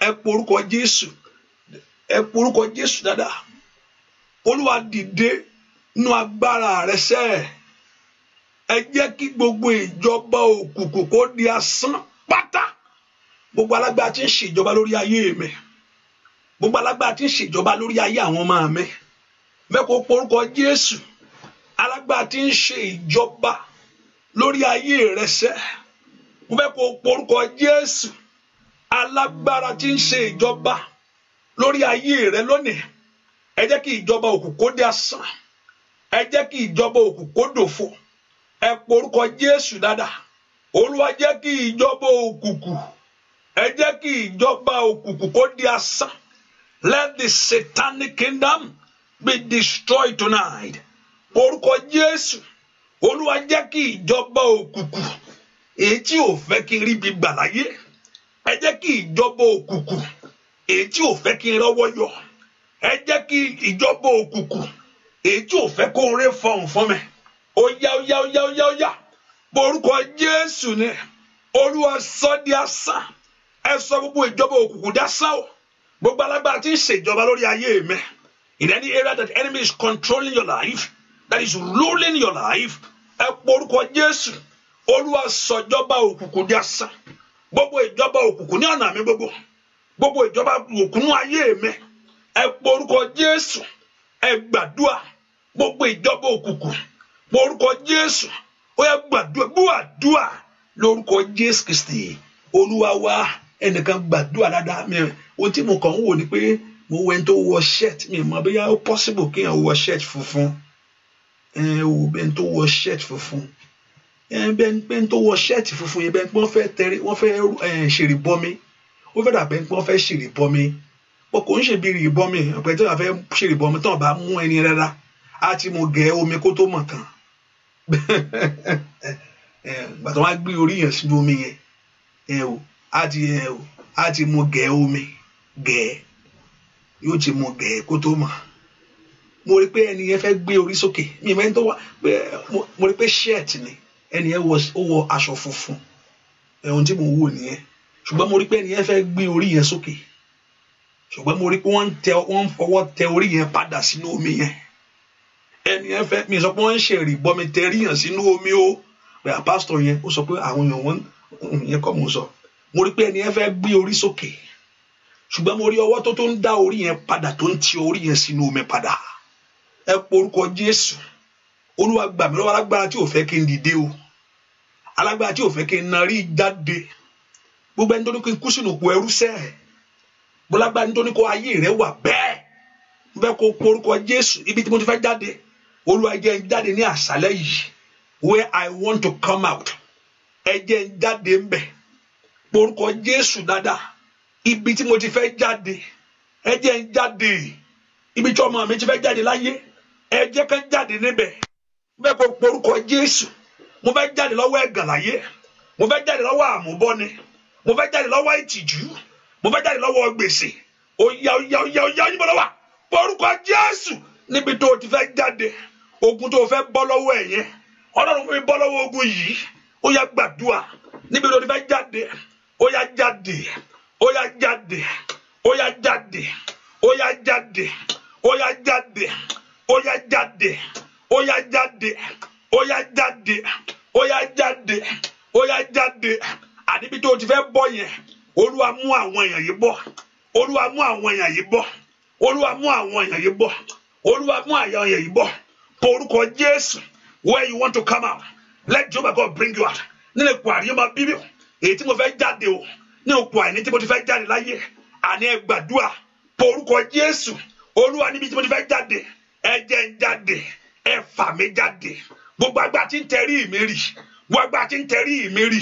ẹ porúkọ jésù ẹ porúkọ jésù dáadáa olúwa dìde nínú agbára rẹ sẹ́ẹ̀ ẹ jẹ́ kí gbogbo ìjọba òkùnkùn kó di asán pátá gbogbo alágbára tí ń ṣèjọba lórí ayé mi gbogbo alágbára tí ń ṣèjọba lórí ayé àwọn ọmọ mi mẹ́kọ̀ọ́ porúkọ jésù alágbára tí ń ṣe lórí ayé rẹ sẹ́ẹ̀ mo fẹ́ kó porúkọ Jésù alágbára tí ń ṣe ìjọba lórí ayé rẹ lónìí ẹ jẹ́ kí ìjọba òkùnkùn kó di asán ẹ jẹ́ kí ìjọba òkùnkùn kó dòfo ẹ porúkọ Jésù dáadáa Olúwa jẹ́ kí ìjọba òkùnkùn ẹ jẹ́ kí ìjọba òkùnkùn kó di asán let the satanic kingdom be destroyed tonight orúkọ Jésù Olúwa jẹ́ kí ìjọba òkùnkùn. èyí tí ò fẹ́ kí rí bí gbàláyé ẹ jẹ́ kí ìjọba òkùnkùn èyí tí ò fẹ́ kí rọ́wọ́ yọ ẹ jẹ́ kí ìjọba òkùnkùn èyí tí ò fẹ́ kó rí fọhùn fún mi ó yá ó yá ó yá ó yá ó yá borúkọ jésù ni olúwa sọ di asán ẹ sọ gbogbo ìjọba òkùnkùn di asán o gbogbo alágbára ti ń ṣèjọba lórí ayé mi in any area that enemy is controlling your life that is ruling your life ẹ porúkọ jésù. olúwa sọjọba òkùnkùn di asán gbogbo ìjọba òkùnkùn ní ọ̀nà mi gbogbo gbogbo ìjọba òkùnkùn ayé mi ẹ porúkọ jésù ẹ gbàdúà gbogbo ìjọba òkùnkùn porúkọ jésù ó yẹ gbàdúà gbúàdúà lórúkọ jésù kristi olúwa wa ẹnìkan gbàdúà dáadáa mi ohun tí mo kàn ń wò ni pé mo wẹ ẹni tó wọ shirt mi mọ bóyá ó possible kéèyàn wọ shirt funfun ẹ wò bẹ́ẹ̀ tó wọ shirt funfun Eh, bẹ́ẹ̀ tó wọ ṣẹ́ẹ̀tì funfun yẹn bẹ́ẹ̀ pé wọ́n fẹ́ tẹrí wọ́n fẹ́ eh, ṣèrè bọ́mi ó fẹ́ dàbẹ́ pé wọ́n fẹ́ ṣèrè bọ́mi wọn kò ń ṣe bí rè bọ́mi ọ̀pẹ tí wọ́n fẹ́ ṣèrè bọ́mi tán bá mú ẹni rárá á ti mọ gẹ omi kó tó mọ̀ tán eh, gbàtọ́ wá gbé orí yẹn sínú omi yẹn ẹ o á ti ẹ o á ti mọ gẹ omi gẹ yóò ti mọ gẹ kó tó mọ̀ mo rí pé ẹni yẹn fẹ́ gbé orí sókè mi ìmọ̀ ẹni tó wá mo rí pé ṣẹ́ẹ̀tì ni ẹni yẹn ó wọ aṣọ funfun ẹ̀hún tí mò ń wò nìyẹn ṣùgbọ́n mo rí pé ẹni yẹn fẹ́ gbé orí yẹn sókè ṣùgbọ́n mo rí pé wọ́n ń tẹ wọ́n ń fọwọ́ tẹ orí yẹn padà sínú omi yẹn ẹni yẹn fẹ́ mi sọ pé wọ́n ń ṣèrì bọmi tẹ rí sínú omi o pé àpásítọ̀ yẹn ó sọ pé àwọn èèyàn wọn yẹn kọ́ mo sọ mo rí pé ẹni yẹn fẹ́ gbé orí sókè ṣùgbọ́n mo rí ọwọ́ tó tó ń dá orí yẹn padà tó ń ti orí yẹn sínú omi padà ẹ porúkọ Jésù Olúwa gbà alágbára tí ò fẹ́ kí n dìde o alágbára tí ò fẹ́ kí n narí jáde gbogbo ẹni tó ní kí n kú sínú òkú ẹrú sẹ́ gbọ́lágbá ẹni tó ní kó ayé rẹ wà bẹ́ẹ̀ mo fẹ́ kó porúkọ Jésù ibi tí mo ti fẹ́ jáde Olúwa jẹ́ n jáde ní àṣálẹ́ yìí where I want to come out ẹ jẹ́ n jáde ń bẹ̀ porúkọ Jésù dáadáa ibi tí mo ti fẹ́ jáde ẹ jẹ́ n jáde ibi tí ọmọ mi ti fẹ́ jáde láyé ẹ jẹ́ ká jáde níbẹ̀ bẹ́ẹ̀ kó porúkọ Jésù mo fẹ́ jáde lọ́wọ́ ẹ̀gàn mo fẹ́ jáde lọ́wọ́ àmúbọ́ni mo fẹ́ jáde lọ́wọ́ ìtìjú mo fẹ́ jáde lọ́wọ́ gbèsè oya oya oya oya oyin bọ́lọ́wà orúkọ Jésù níbi tó o ti fẹ́ jáde ogun tó o fẹ́ bọ́ lọ́wọ́ ẹ̀yẹn Ọlọ́run fún mi bọ́ lọ́wọ́ ogun yìí oya gbàdúrà níbi tó o ti fẹ́ jáde oya jáde oya jáde oya jáde oya jáde oya jáde oya jáde oya jáde ó yá jáde ó yá jáde ó yá jáde àníbi tó o ti fẹ́ bọ́ yẹn olúwa mú àwọn èèyàn yìí bọ́ olúwa mú àwọn èèyàn yìí bọ́ olúwa mú àwọn èèyàn yìí bọ́ olúwa mú àwọn èèyàn yìí bọ́ orúkọ jésù where you want to come out let Jehovah God bring you out nínú ipò àríyá máa bíbí èyí tí mo fẹ́ jáde o ní ipò àìní tí mo ti fẹ́ jáde láyé àní ẹ gbàdúrà orúkọ jésù olúwa níbi tí mo ti fẹ́ jáde ẹ jẹ́ ń jáde ẹ fà mí jáde gbogbo agbá tí ń tẹrí mi rì gbogbo agbá tí ń tẹrí mi rì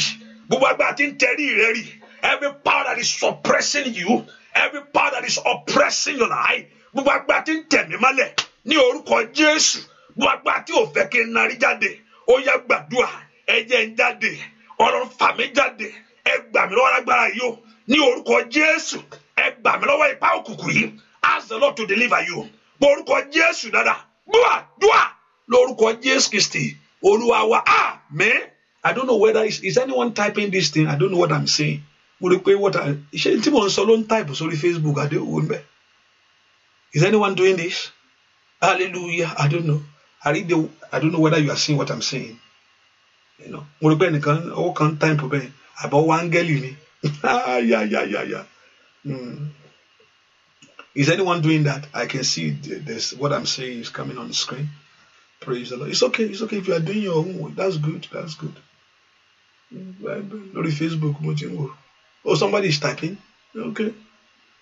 gbogbo agbá tí ń tẹrí rẹ every power that is suppressing you every power that is oppressing your life gbogbo agbá tí ń tẹ̀ mí mọ́lẹ̀ ní orúkọ Jésù gbogbo agbá tí ò fẹ́ kí n narí jáde ó yá gbàdúrà ẹ jẹ́ n jáde ọ̀rọ̀ fà mí jáde ẹ gbà mí lọ́wọ́ agbára yìí o ní orúkọ Jésù ẹ gbà mí lọ́wọ́ ipá òkùnkùn yìí ask the Lord to deliver you orúkọ Jésù dáadáa gbọ́ àdúrà lórúkọ Jésù Kristi olúwa wa àmín i don't know whether is, is anyone typing this thing i don't know what i'm saying mo rí pé what i ṣé tí mò ń sọ ló ń type sórí Facebook àdéhùn bẹ́ẹ̀ is anyone doing this hallelujah i don't know i read the i don't know whether you are seeing what i'm saying you know mo rí pé ẹnìkan owó kan type bẹ́ẹ̀ àbọ̀ wọ áńgẹ́lì ni yeah yeah yeah yeah. Hmm. Is anyone doing that? I can see there's what I'm saying is coming on the screen praise the lord it's okay it's okay if you are doing your own way that's good that's good lórí facebook mo ti oh somebody is typing okay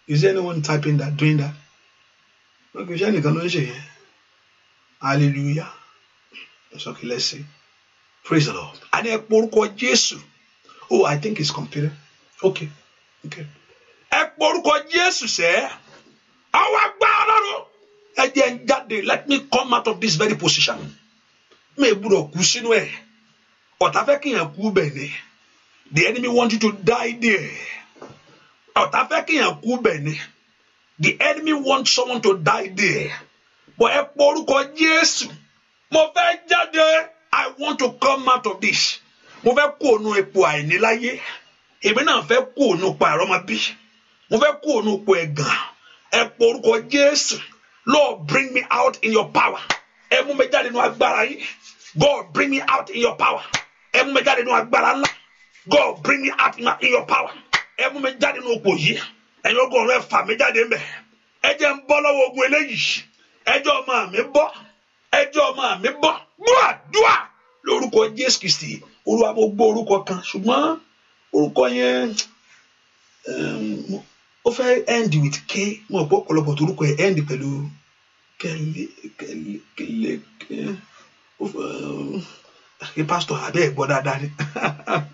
is there anyone typing that doing that okay hallelujah it's okay let's see praise the lord a ní ẹ oh i think it's computer okay okay ẹ Jesus eh? sẹ àwọn agbá ẹ jẹ́ ń jáde let me come out of this very position mi gbúdọ̀ kú sínú ẹ̀ ọ̀tá fẹ́ kíyàn kú bẹ̀ ni the enemy want you to die there ọ̀tá fẹ́ kíyàn kú bẹ̀ ni the enemy want someone to die there but ẹ pọ orúkọ Jésù mo fẹ́ jáde I want to come out of this mo fẹ́ kú ònú ipò àìníláyé èmi náà fẹ́ kú ònú pa àrọ́mọbí mo fẹ́ kú ònú ipò ẹ̀gàn ẹ pọ orúkọ Jésù. Lord, bring me out in your power. God, bring me out in your power. God, bring me out in your power. Ẹ mi jáde nínú òpò yìí. Ẹ̀yin ogun ọ̀run ẹ fà mí jáde ń bẹ̀. Ẹ ń bọ́ lọ́wọ́ ogun eléyìí. Ẹ ọmọ mi bọ́. Ẹ ọmọ mi bọ́. Dúà dúà lórúkọ Jésù Kristi. Olúwa mo gbọ́ orúkọ kan ṣùgbọ́n orúkọ yẹn ó fẹ́ end with k wọn gbọ́ ọ̀pọ̀lọpọ̀ torúkọ ẹ̀ end pẹ̀lú kẹlẹ kẹlẹ kẹlẹ kẹlẹ ó fẹ́ ẹ pásítọ̀ àbẹ́ ẹ̀ gbọ́ dáadáa ni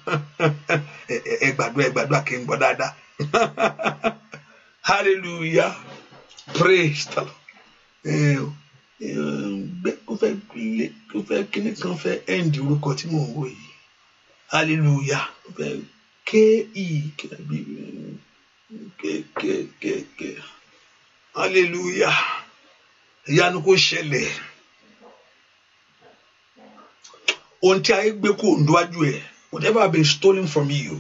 ẹ gbàdúrà ẹ gbàdúrà kí n gbọ́ dáadáa hallelujah praise the lord gbẹ ó fẹ́ lé ó fẹ́ kíní kan fẹ́ end orúkọ tí mò ń wò yìí hallelujah ó fẹ́ ke kékékéké hallelujah ìyanu kò ṣẹlẹ̀ ohun tí ayé gbé kó ndúwájú ẹ whatever have been stolen from you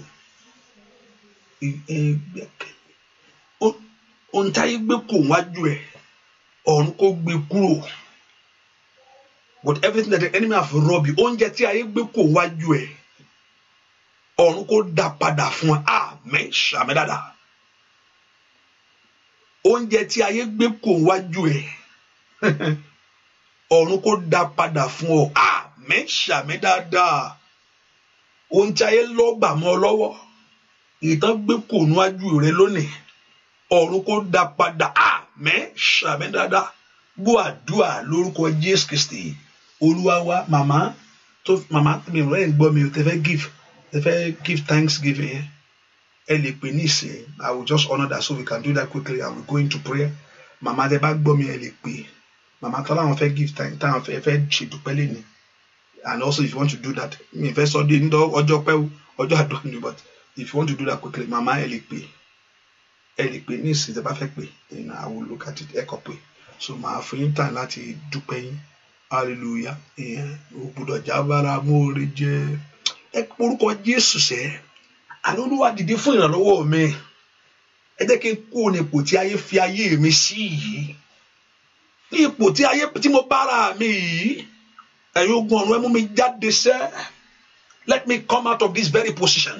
ohun tí ayé gbé kó wájú ẹ ọ̀run kò gbé kúrò but everything that the enemy have robbed you oúnjẹ tí ayé gbé kó wájú ẹ ọ̀run kò dá padà fún ẹ àmín ṣàmì dáadáa oúnjẹ tí ayé gbé kò wájú ẹ ọ̀run kò dá padà fún ọ àmì ṣàmì dáadáa ohun tí ayé lọ́gbà mọ́ ọ lọ́wọ́ ìtàn gbé kò níwájú rẹ lónìí ọ̀run kò dá padà àmì ṣàmì dáadáa gbọ́ àdúrà lórúkọ Jésù Kristi olúwa màmá tó màmá mi rẹ̀ ń gbọ́ mi ò tẹ́ fẹ́ give tẹ́ fẹ́ give thanksgiving Eh? ẹ pè ní ìsìn i will just honour that so we can do that quickly and we go into prayer màmá tẹ bá gbọ́ mi ẹ lè pè màmá tó láwọn fẹ́ give time táwọn fẹ́ fẹ́ ṣèdúpẹ́ lé ni and also if you want to do that mi fẹ́ sọ dé ńdọ́ ọjọ́ pẹ́ ọjọ́ àdúrà ni but if you want to do that quickly màmá ẹ lè pè ẹ lè pè ní ìsìn tẹ bá fẹ́ pè ìnà i will look at it ẹ kọ pé so màá fún yín tàn láti dúpẹ́ yín hallelujah ìyẹn ò gbọdọ̀ jábára mọ́ oore jẹ́ ẹ orúkọ jésù sẹ́ẹ́ àní olúwa dìde fún ìrànlọ́wọ́ mi ẹ jẹ́ kí n kú ní ipò tí ayé fi ayé mi sí yìí ní ipò tí ayé tí mo bára mi yìí ẹ̀yin ogun ọ̀run ẹ mú mi jáde sẹ́ let me come out of this very position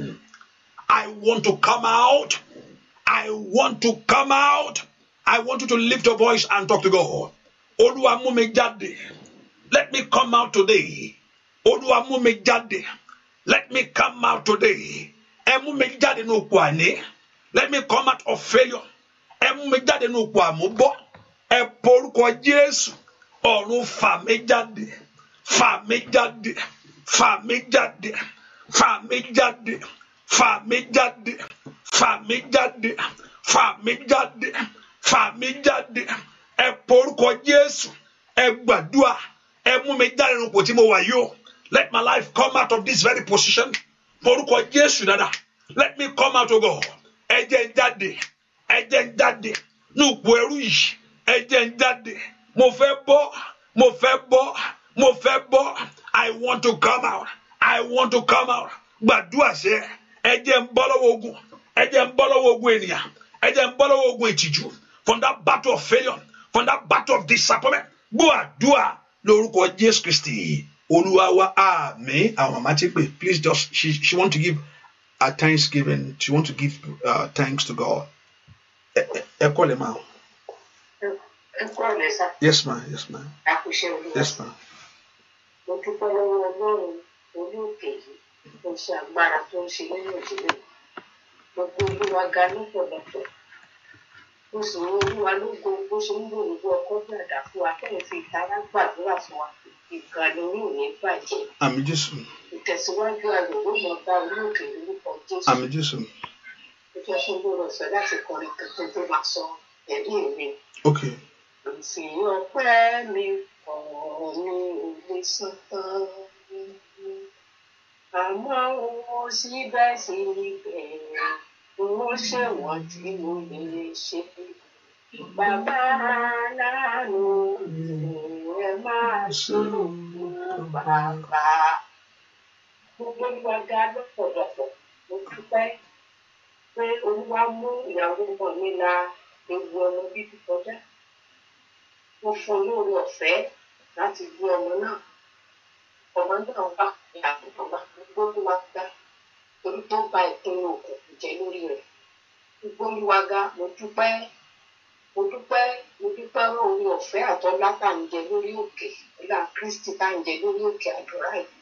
I want to come out I want to come out I want you to lift your voice and talk to God olúwa mú mi jáde let me come out today olúwa mú mi jáde let me come out today ẹ mú mi jáde ní òkú àní let me come out of failure ẹ mú mi jáde ní òkú àmúbọ́ ẹ porúkọ Jésù ọ̀run fà mí jáde fà mí jáde fà mí jáde fà mí jáde fà mí jáde fà mí jáde fà mí jáde fà mí jáde ẹ porúkọ Jésù ẹ gbàdúrà ẹ mú mi jáde ní òkú tí mo wà yìí o let my life come out of this very position orúkọ Jésù dada let me come out to God ẹ jẹ́ n jáde ẹ jẹ́ n jáde ní ipò ẹrú yìí ẹ jẹ́ n jáde mo fẹ́ bọ́ mo fẹ́ bọ́ mo fẹ́ bọ́ I want to come out I want to come out gbàdúrà ṣe ẹ jẹ́ n bọ́ lọ́wọ́ ogun ẹ jẹ́ n bọ́ lọ́wọ́ ogun ènìyàn ẹ jẹ́ n bọ́ ogun ìtìjú from that battle of failure from that battle of disappointment gbọ́ àdúrà lórúkọ Jésù Kristi olúwa wa our àwọn please just she she want to give a thanksgiving she want to give uh, thanks to God ẹ kọ́ lè máa. ẹ kọ́ yes ma yes ma. yes ma. mo dúpẹ́ lọ́wọ́ ọlọ́run orí òkè ṣe ń ṣe bó ṣe bí àdàkú akẹ́yìn fi ìtara gbàdúrà fún wa ìgbà ní bàjẹ́. àmì jésù. ìtẹ̀síwájú ayọ̀ ló bá olóòkè lórúkọ jésù. àmì jésù. ìfẹ́ fún gbọ́dọ̀ sọ láti kọrin kankan tó máa sọ ẹ̀rí mi. ok. ìsìn ọpẹ́ mi ọ̀rọ̀ mi ò lè àmọ́ o síbẹ̀ síbẹ̀ owó ṣèwọ̀n tí mo lè ṣe. bàbá aláàánú mi ẹ máa ṣòro bàbá. Gbogbo ìwà ga lọ́pọ̀lọpọ̀ mo dúpẹ́ pé Olúwa mú ìyàwó ọmọ mi la ewu ọmọ bíbí kọjá. Mo fún olóore ọ̀fẹ́ láti gbé ọmọ náà. Ọmọ náà wà ìyàwó ọmọ gbogbo ìwà ga torí tó ba ìpinnu òkùnkùn jẹ́ lórí rẹ̀. Gbogbo ìwà ga mo dúpẹ́ mo dúpẹ́ mo dúpẹ́ wọn orí ọ̀fẹ́ àtọ́lá tá à ń jẹ lórí òkè ọlá kristi tá à ń jẹ lórí òkè àdúrà yìí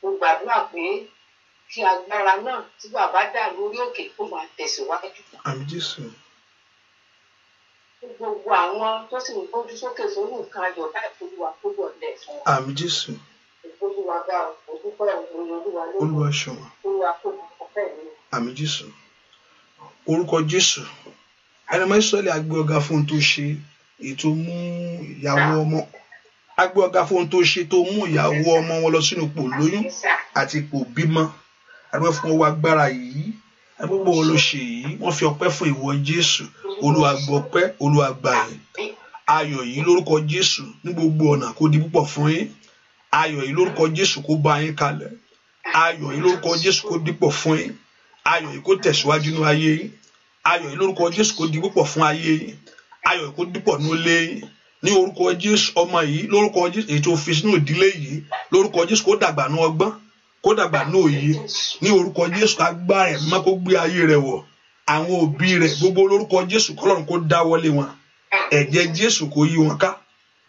mo gbàdúrà pé kí agbára náà tí bàbá dà lórí òkè kó máa tẹ̀síwájú. gbogbo àwọn tó sì ń gbójú sókè sórí nǹkan ayọ̀ láì fowó àkójọ lẹ̀ fún wa. àmì jésù. olúwa gbà ó olúwa lórí olúwa ṣọwọ́ olúwa kó máa kọ́ bẹ́ẹ̀ orúkọ jésù àrẹ̀mọ Ísírẹ́lì a gbé ọ̀gá fún ohun tó ṣe ètò mú ìyàwó ọmọ a gbé ọ̀gá fún ohun tó ṣe tó mú ìyàwó ọmọ wọn lọ sínú ipò lóyún àti ipò bímọ àrẹ̀mọ fún ọwọ́ agbára yìí àrẹ̀mọ gbọ́ wọn ló ṣe yìí wọ́n fi ọpẹ́ fún ìwọ Jésù Olúwa gbọ́ ọpẹ́ Olúwa gbà yìí ayọ̀ yìí lórúkọ Jésù ní gbogbo ọ̀nà kó di púpọ̀ fún yín ayọ̀ yìí lórúkọ Jésù kó bá yín kalẹ̀ ayọ̀ yìí lórúkọ Jésù kó dípọ̀ fún yín ayọ̀ yìí kó tẹ̀síwájú ní ayé yín ayọ̀ yìí lórúkọ jésù kò di púpọ̀ fún ayé ayọ̀ yìí kò dípọ̀ nulẹ̀ ní orúkọ jésù ọmọ yìí lórúkọ jésù èyí tó fi sínú ìdílé yìí lórúkọ jésù kó dàgbà nú ọgbọ́n kó dàgbà nú òye ní orúkọ jésù agbára ẹ̀ mọ́ kó gbé ayé rẹ̀ wọ̀ àwọn òbí rẹ̀ gbogbo lórúkọ jésù kọlọ́run kó dáwọ́lé wọn ẹ̀jẹ̀ jésù kó yí wọn ká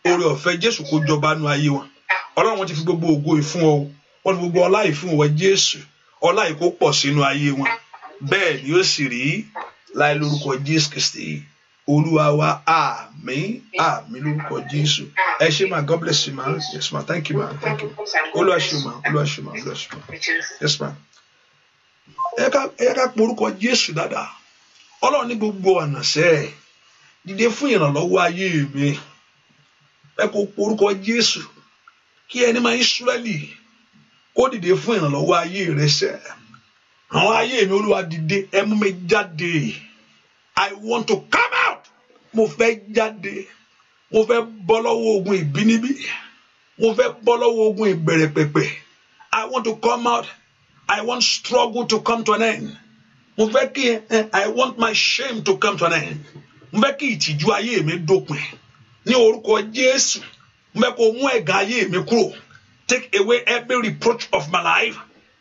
oore ọ̀fẹ́ jésù kó jọba nú ayé wọn ọlọ́run ti fi gbogbo ògo ìfún ọ wọ́n ti gbogbo ọlá ìfún ọ jésù ọlá yìí kó pọ̀ sínú ayé wọn bẹ́ẹ̀ ni ó sì rí láì lórúkọ Jésù Kristi olúwa wa àmín àmín lórúkọ Jésù ẹ ṣé ma God bless you ma yes ma thank you ma thank you olúwa ṣé ma olúwa ṣé ma olúwa ṣé ma yes ma ẹ ká porúkọ Jésù dáadáa ọlọ́run ní gbogbo ọ̀nà sẹ́ẹ̀ dìde fún ìrànlọ́wọ́ ayé mi ẹ kò porúkọ Jésù kí ẹni máa ń súrẹ́lì kó dìde fún ìrànlọ́wọ́ ayé rẹ sẹ́ẹ̀ àwọn ayé mi olúwa dìde ẹ mú mi jáde i want to come out mo fẹ́ jáde mo fẹ́ bọ́ lọ́wọ́ ogun ìbínibí mo fẹ́ bọ́ lọ́wọ́ ogun ìbẹ̀rẹ̀pẹ̀pẹ̀ i want to come out i want struggle to come to an end mo fẹ́ kí i want my shame to come to an end mo fẹ́ kí ìtìjú ayé mi dópin ní orúkọ jésù mo fẹ́ kó mú ẹ̀gàn ayé mi kúrò take away every reproach of my life.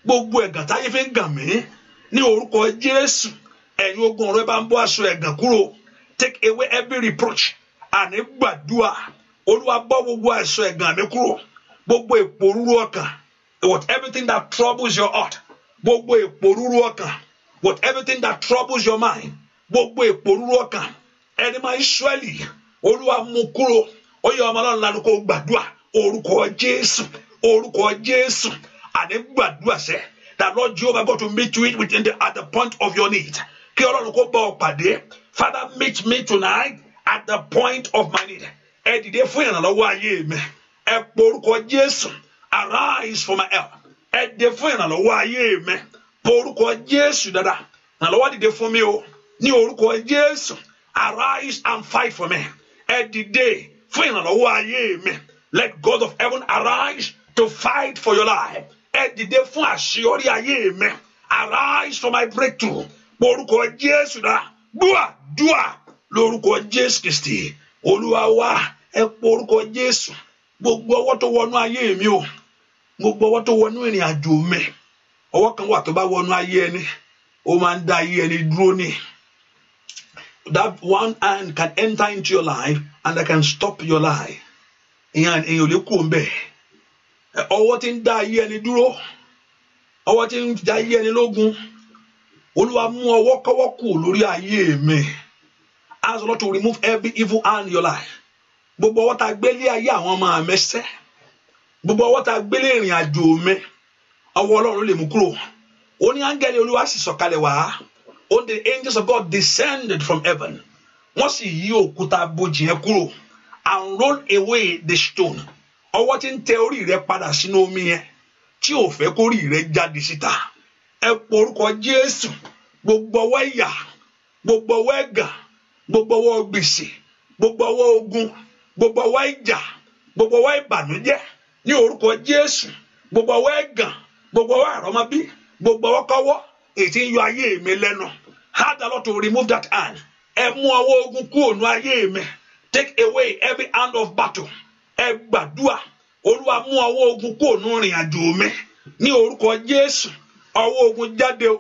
gbogbo ẹ̀gàn táyé fi ń gàn mí ní orúkọ Jésù ẹ̀yin ogun ọ̀rọ̀ bá ń bọ́ aṣọ ẹ̀gàn kúrò take away every reproach àní gbàdúrà olúwa bọ́ gbogbo aṣọ ẹ̀gàn mi kúrò gbogbo ìpòrúurú ọkàn with everything that troubles your heart gbogbo ìpòrúurú ọkàn with everything that troubles your mind gbogbo ìpòrúurú ọkàn ẹni máa ń ṣọ́ẹ̀lì olúwa mú kúrò ó yẹ ọmọ ọlọ́run lánàá kó gbàdúrà orúkọ Jésù orúkọ Jésù àdégbàdúrà sẹ that Lord Jehovah God to meet you within the, at the point of your need kí Ọlọ́run kó bá ọ pàdé Father meet me tonight at the point of my need ẹ dìde fún ìrànlọ́wọ́ ayé mi ẹ porúkọ Jésù arise for my help ẹ dìde fún ìrànlọ́wọ́ ayé mi porúkọ Jésù dada ìrànlọ́wọ́ dìde fún mi o ní orúkọ Jésù arise and fight for me ẹ dìde fún ìrànlọ́wọ́ ayé mi let God of heaven arise to fight for your life ẹ dìde fún àṣeyọrí ayé mi arise for my breakthrough orúkọ jésù náà gbúà dúà lórúkọ jésù kristi olúwa wa ẹ pọ orúkọ jésù gbogbo ọwọ́ tó wọnú ayé mi o gbogbo ọwọ́ tó wọnú ìrìn àjò mi ọwọ́ kan wà tó bá wọnú ayé ẹni ó máa ń dá ayé ẹni dúró ni that one hand can enter into your life and that can stop your life ìyẹn èèyàn ò lè kú òun bẹ́ẹ̀ ọwọ́ tí ń dá ayé ẹni dúró ọwọ́ tí ń dá ayé ẹni lógun olúwa mú ọwọ́ kọ́wọ́ kù lórí ayé mi ask the Lord to remove every evil hand in your life gbogbo ọwọ́ tá a gbé lé ayé àwọn ọmọ mi gbogbo ọwọ́ tá a gbé lé ìrìn àjò mi ọwọ́ ọlọ́run ló lè mú kúrò ó ní áńgẹ́lì olúwa sì sọ̀kalẹ̀ wá ó the angels of God descended from heaven wọ́n sì yí òkúta bojì yẹn kúrò and roll away the stone. ọwọ́ tí ń tẹ orí rẹ padà sínú omi yẹn tí ò fẹ́ kórì rẹ jáde síta ẹ porúkọ Jésù gbogbo ọwọ́ ìyà gbogbo ọwọ́ ẹ̀gàn gbogbo ọwọ́ gbèsè gbogbo ọwọ́ ogun gbogbo ọwọ́ ìjà gbogbo ọwọ́ ìbànújẹ́ ní orúkọ Jésù gbogbo ọwọ́ ẹ̀gàn gbogbo ọwọ́ àrọ́mọbí gbogbo ọwọ́ kọ́wọ́ èyí tí ń yọ ayé mi lẹ́nu how the Lord to remove that hand ẹ mú ọwọ́ ogun kúrò ní ayé mi take away every hand of battle. ẹ gbàdúà olúwa mú ọwọ́ ogun kúrò nínú ìrìn àjò mi ní orúkọ jésù ọwọ́ ogun jáde o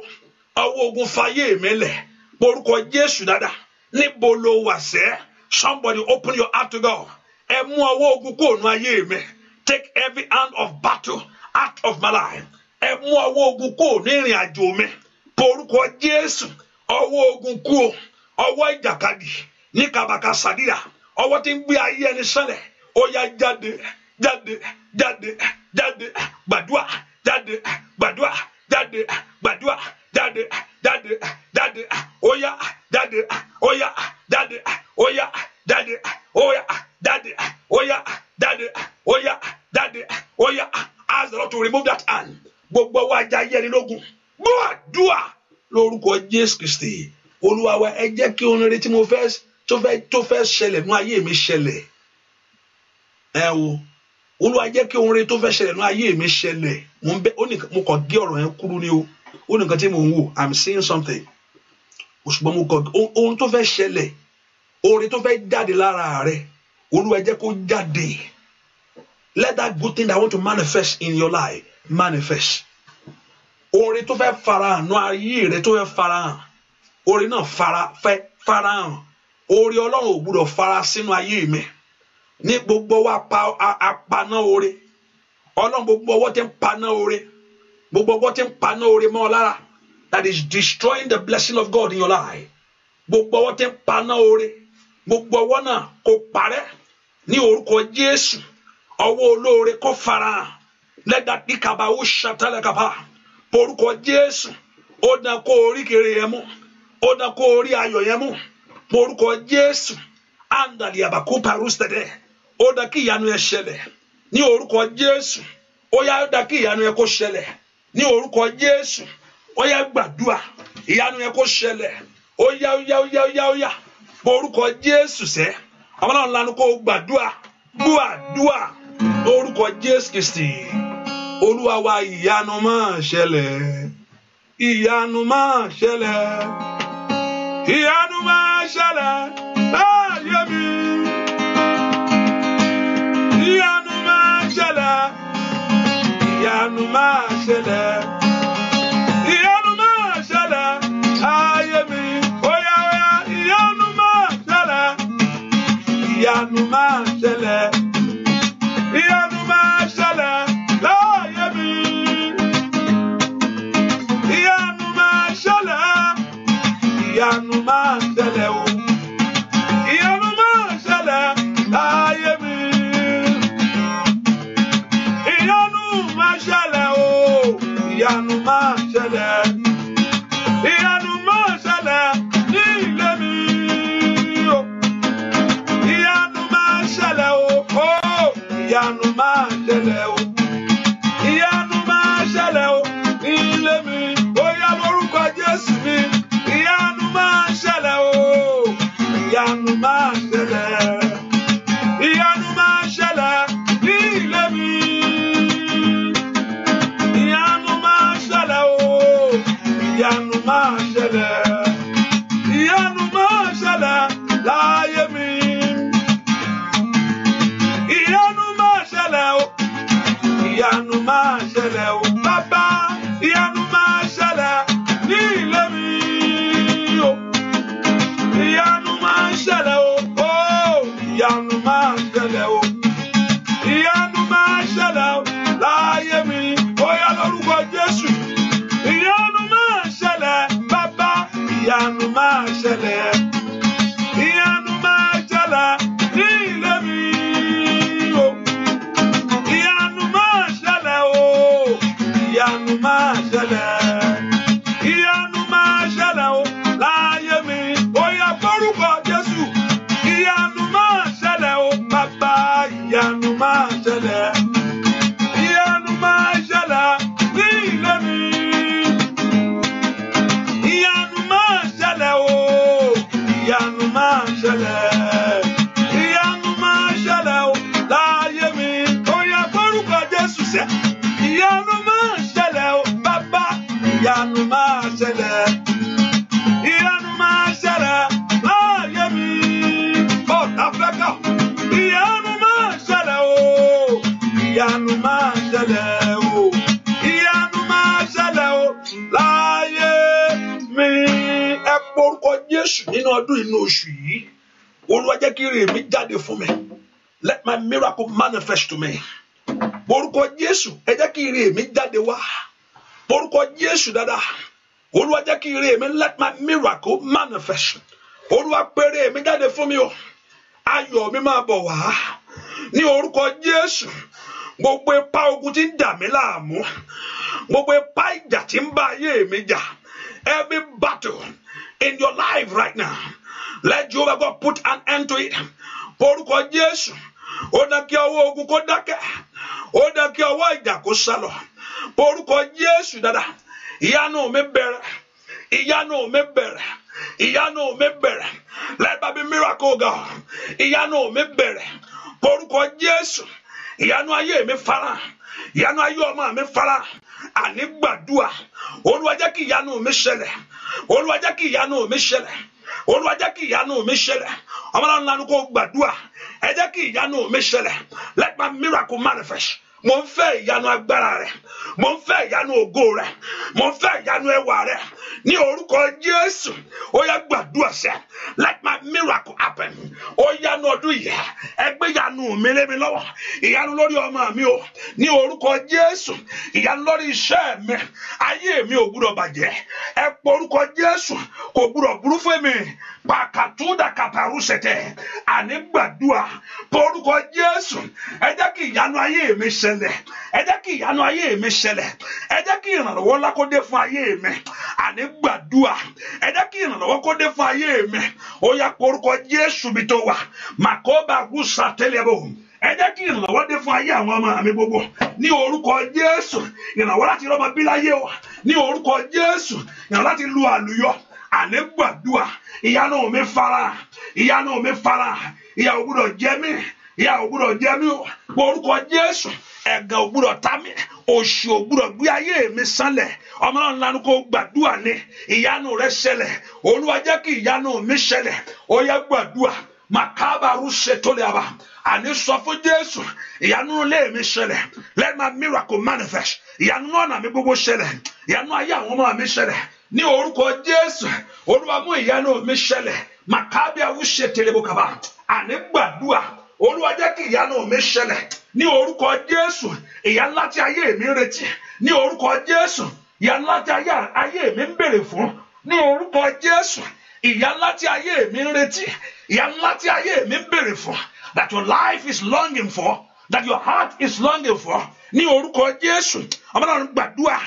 ọwọ́ ogun fayé mi lẹ̀ orúkọ jésù dáadáa níbo ló wà sẹ́ somebody open your heart to God ẹ mú ọwọ́ ogun kúrò nínú ayé mi take every hand of battle out of my life ẹ mú ọwọ́ ogun kúrò ní ìrìn àjò mi orúkọ jésù ọwọ́ ogun kúrò ọwọ́ ìjàkadì ní kàbàkà sàdíyà ọwọ́ tí ń gbé ayé ẹni sẹ́lẹ̀ ó yá jáde jáde jáde jáde gbàdúrà jáde gbàdúrà jáde gbàdúrà jáde jáde jáde ó yá jáde ó yá jáde ó yá jáde ó yá jáde ó yá jáde ó yá jáde ó yá ask the Lord to remove that hand gbogbo ọwọ́ ajá yẹnilógun gbọ́dúà lórúkọ Jésù Kristi olúwa wa ẹ jẹ́ kí orin retí mo fẹ́ tó fẹ́ tó fẹ́ ṣẹlẹ̀ nú ayé mi ṣẹlẹ̀ ẹ wo olúwa jẹ́ kí ohun rere tó fẹ́ ṣẹlẹ̀ nínú ayé mi ṣẹlẹ̀ mo ń bẹ mo kàn gé ọ̀rọ̀ yẹn kúrú ni o ó ní tí mo ń wò i'm seeing something ṣùgbọ́n mo kàn ohun tó fẹ́ ṣẹlẹ̀ ohun rere tó fẹ́ jáde lára rẹ olúwa jẹ́ kó jáde let that good thing that I want to manifest in your life manifest ohun rere tó fẹ́ farahàn nínú ayé rẹ tó fẹ́ farahàn ohun rere náà fara fẹ́ farahàn ohun rere ọlọ́run ò gbúdọ̀ fara sínú ayé mi ní gbogbo wa pa apaná oore ọlọ́run gbogbo ọwọ́ tí ń paná oore gbogbo ọwọ́ tí ń paná oore mọ́ ọ lára that is destroying the blessing of God in your life gbogbo ọwọ́ tí ń paná oore gbogbo ọwọ́ náà kò parẹ́ ní orúkọ Jésù ọwọ́ olóore kò farahàn lẹ́dà kíkàbà ó ṣàtàlẹ́kàbà orúkọ Jésù ó dán kó orí kiri yẹn mú ó dán kó orí ayọ̀ yẹn mú orúkọ Jésù andaliabakupa rústẹ̀dẹ̀ ó dá kí ìyanu yẹn ṣẹlẹ̀ ní orúkọ Jésù ó yá ó dá kí ìyanu yẹn kó ṣẹlẹ̀ ní orúkọ Jésù ó yá gbàdúà ìyanu yẹn kó ṣẹlẹ̀ ó yá ó yá ó yá ó yá ó yá orúkọ Jésù sẹ àwọn náà lanu kó gbàdúà dúà dúà orúkọ Jésù Kristi olúwa ìyanu máa ṣẹlẹ̀ ìyanu máa ṣẹlẹ̀ ìyanu máa ṣẹlẹ̀ láàyè mi. ìyanu máa ṣẹlẹ̀. ìyanu máa ṣẹlẹ̀ ayé mi óyá óyá ìyanu máa ṣẹlẹ̀. láyé mi ẹ porúkọ Jésù nínú ọdún inú oṣù yìí Olúwa jẹ́ kí ire mi jáde fún mi let my miracle manifest to me porúkọ Jésù ẹ jẹ́ kí ire mi jáde wá porúkọ Jésù dáadáa Olúwa jẹ́ kí ire mi let my miracle manifest Olúwa péré mi jáde fún mi o ayọ̀ mi máa bọ̀ wá ní orúkọ Jésù gbogbo ipa ogun tí ń dà mí láàmú gbogbo ipa ìjà tí ń bá ayé mi jà every battle in your life right now let Jehovah God put an end to it orúkọ Jésù ó dá kí ọwọ́ ogun kó dákẹ́ ó dá kí ọwọ́ ìjà kó sálọ orúkọ Jésù dada ìyanu mi bẹ̀rẹ̀ ìyanu mi bẹ̀rẹ̀ ìyanu mi bẹ̀rẹ̀ let there be miracle God ìyanu mi bẹ̀rẹ̀ orúkọ Jésù ìyanu ayé mi fara ìyanu ayé ọmọ mi fara. ani gbadua olúwa jẹ́ kí ìyanu mi ṣẹlẹ̀ olúwa jẹ́ kí ìyanu mi ṣẹlẹ̀ olúwa jẹ́ kí ìyanu mi ṣẹlẹ̀ ọmọláńlá ni kò gbadua ẹ jẹ́ kí ìyanu mi ṣẹlẹ̀ let my miracle manifest. mo ń fẹ́ ìyanu agbára rẹ mo ń fẹ́ ìyanu ògo rẹ mo ń fẹ́ ìyanu ẹwà rẹ ní orúkọ Jésù ó yá gbàdúrà sẹ let my miracle happen ó yanu ọdún yìí ẹgbẹ́ ìyanu mi lé mi lọ́wọ́ ìyanu lórí ọmọ mi o ní orúkọ Jésù ìyanu lórí iṣẹ́ mi ayé mi ò gbúdọ̀ bàjẹ́ ẹ pọ orúkọ Jésù kò gbúdọ̀ burú fún mi pàkàtúndà kàtàrú sẹtẹ àní gbàdúrà pọ orúkọ Jésù ẹ jẹ́ kí ìyanu ayé mi ṣẹ ṣẹlẹ̀ ẹ jẹ́ kí ìyanu ayé mi ṣẹlẹ̀ ẹ jẹ́ kí ìrànlọ́wọ́ lákòdé fún ayé mi àní gbàdúà ẹ jẹ́ kí ìrànlọ́wọ́ kódé fún ayé mi ó yá porúkọ Jésù mi tó wà màkóbá gúúsà tẹ́lẹ̀ bò ẹ jẹ́ kí ìrànlọ́wọ́ dé fún ayé àwọn ọmọ mi gbogbo ní orúkọ Jésù ìrànlọ́wọ́ láti rọ́mọ bí láyé wa ní orúkọ Jésù ìrànlọ́wọ́ láti lu àlùyọ àní gbàdúà ìyanu mi fara ìyanu mi fara ìyàwó gbọ́dọ̀ jẹ mí ya ò gbúdọ̀ jẹ orukọ orúkọ jésù ẹ̀gàn ò gbúdọ̀ ta gbé ayé mi sánlẹ̀ ọmọ náà nlanu kó gbàdúrà ni ìyanu rẹ ṣẹlẹ̀ olúwa kí ìyanu mi ó yẹ gbàdúrà makabaru ṣètòlẹ̀ àbá àní sọ fún jésù ìyanu mi let my miracle manifest ìyanu mi gbogbo ìyanu ayé àwọn ọmọ mi ní orúkọ jésù olúwa mú ìyanu olúwa jẹ́ kí ìyanu mi ṣẹlẹ̀ ní orúkọ jésù ìyá ńlá tí ayé mi ń retí ní orúkọ jésù ìyá ńlá tí ayé mi ń bèrè fún ní orúkọ jésù ìyá ńlá tí ayé mi ń retí ìyá ńlá ayé mi ń bèrè fún that your life is longing for that your heart is longing for ní orúkọ Jésù ọmọlọ́run gbàdúrà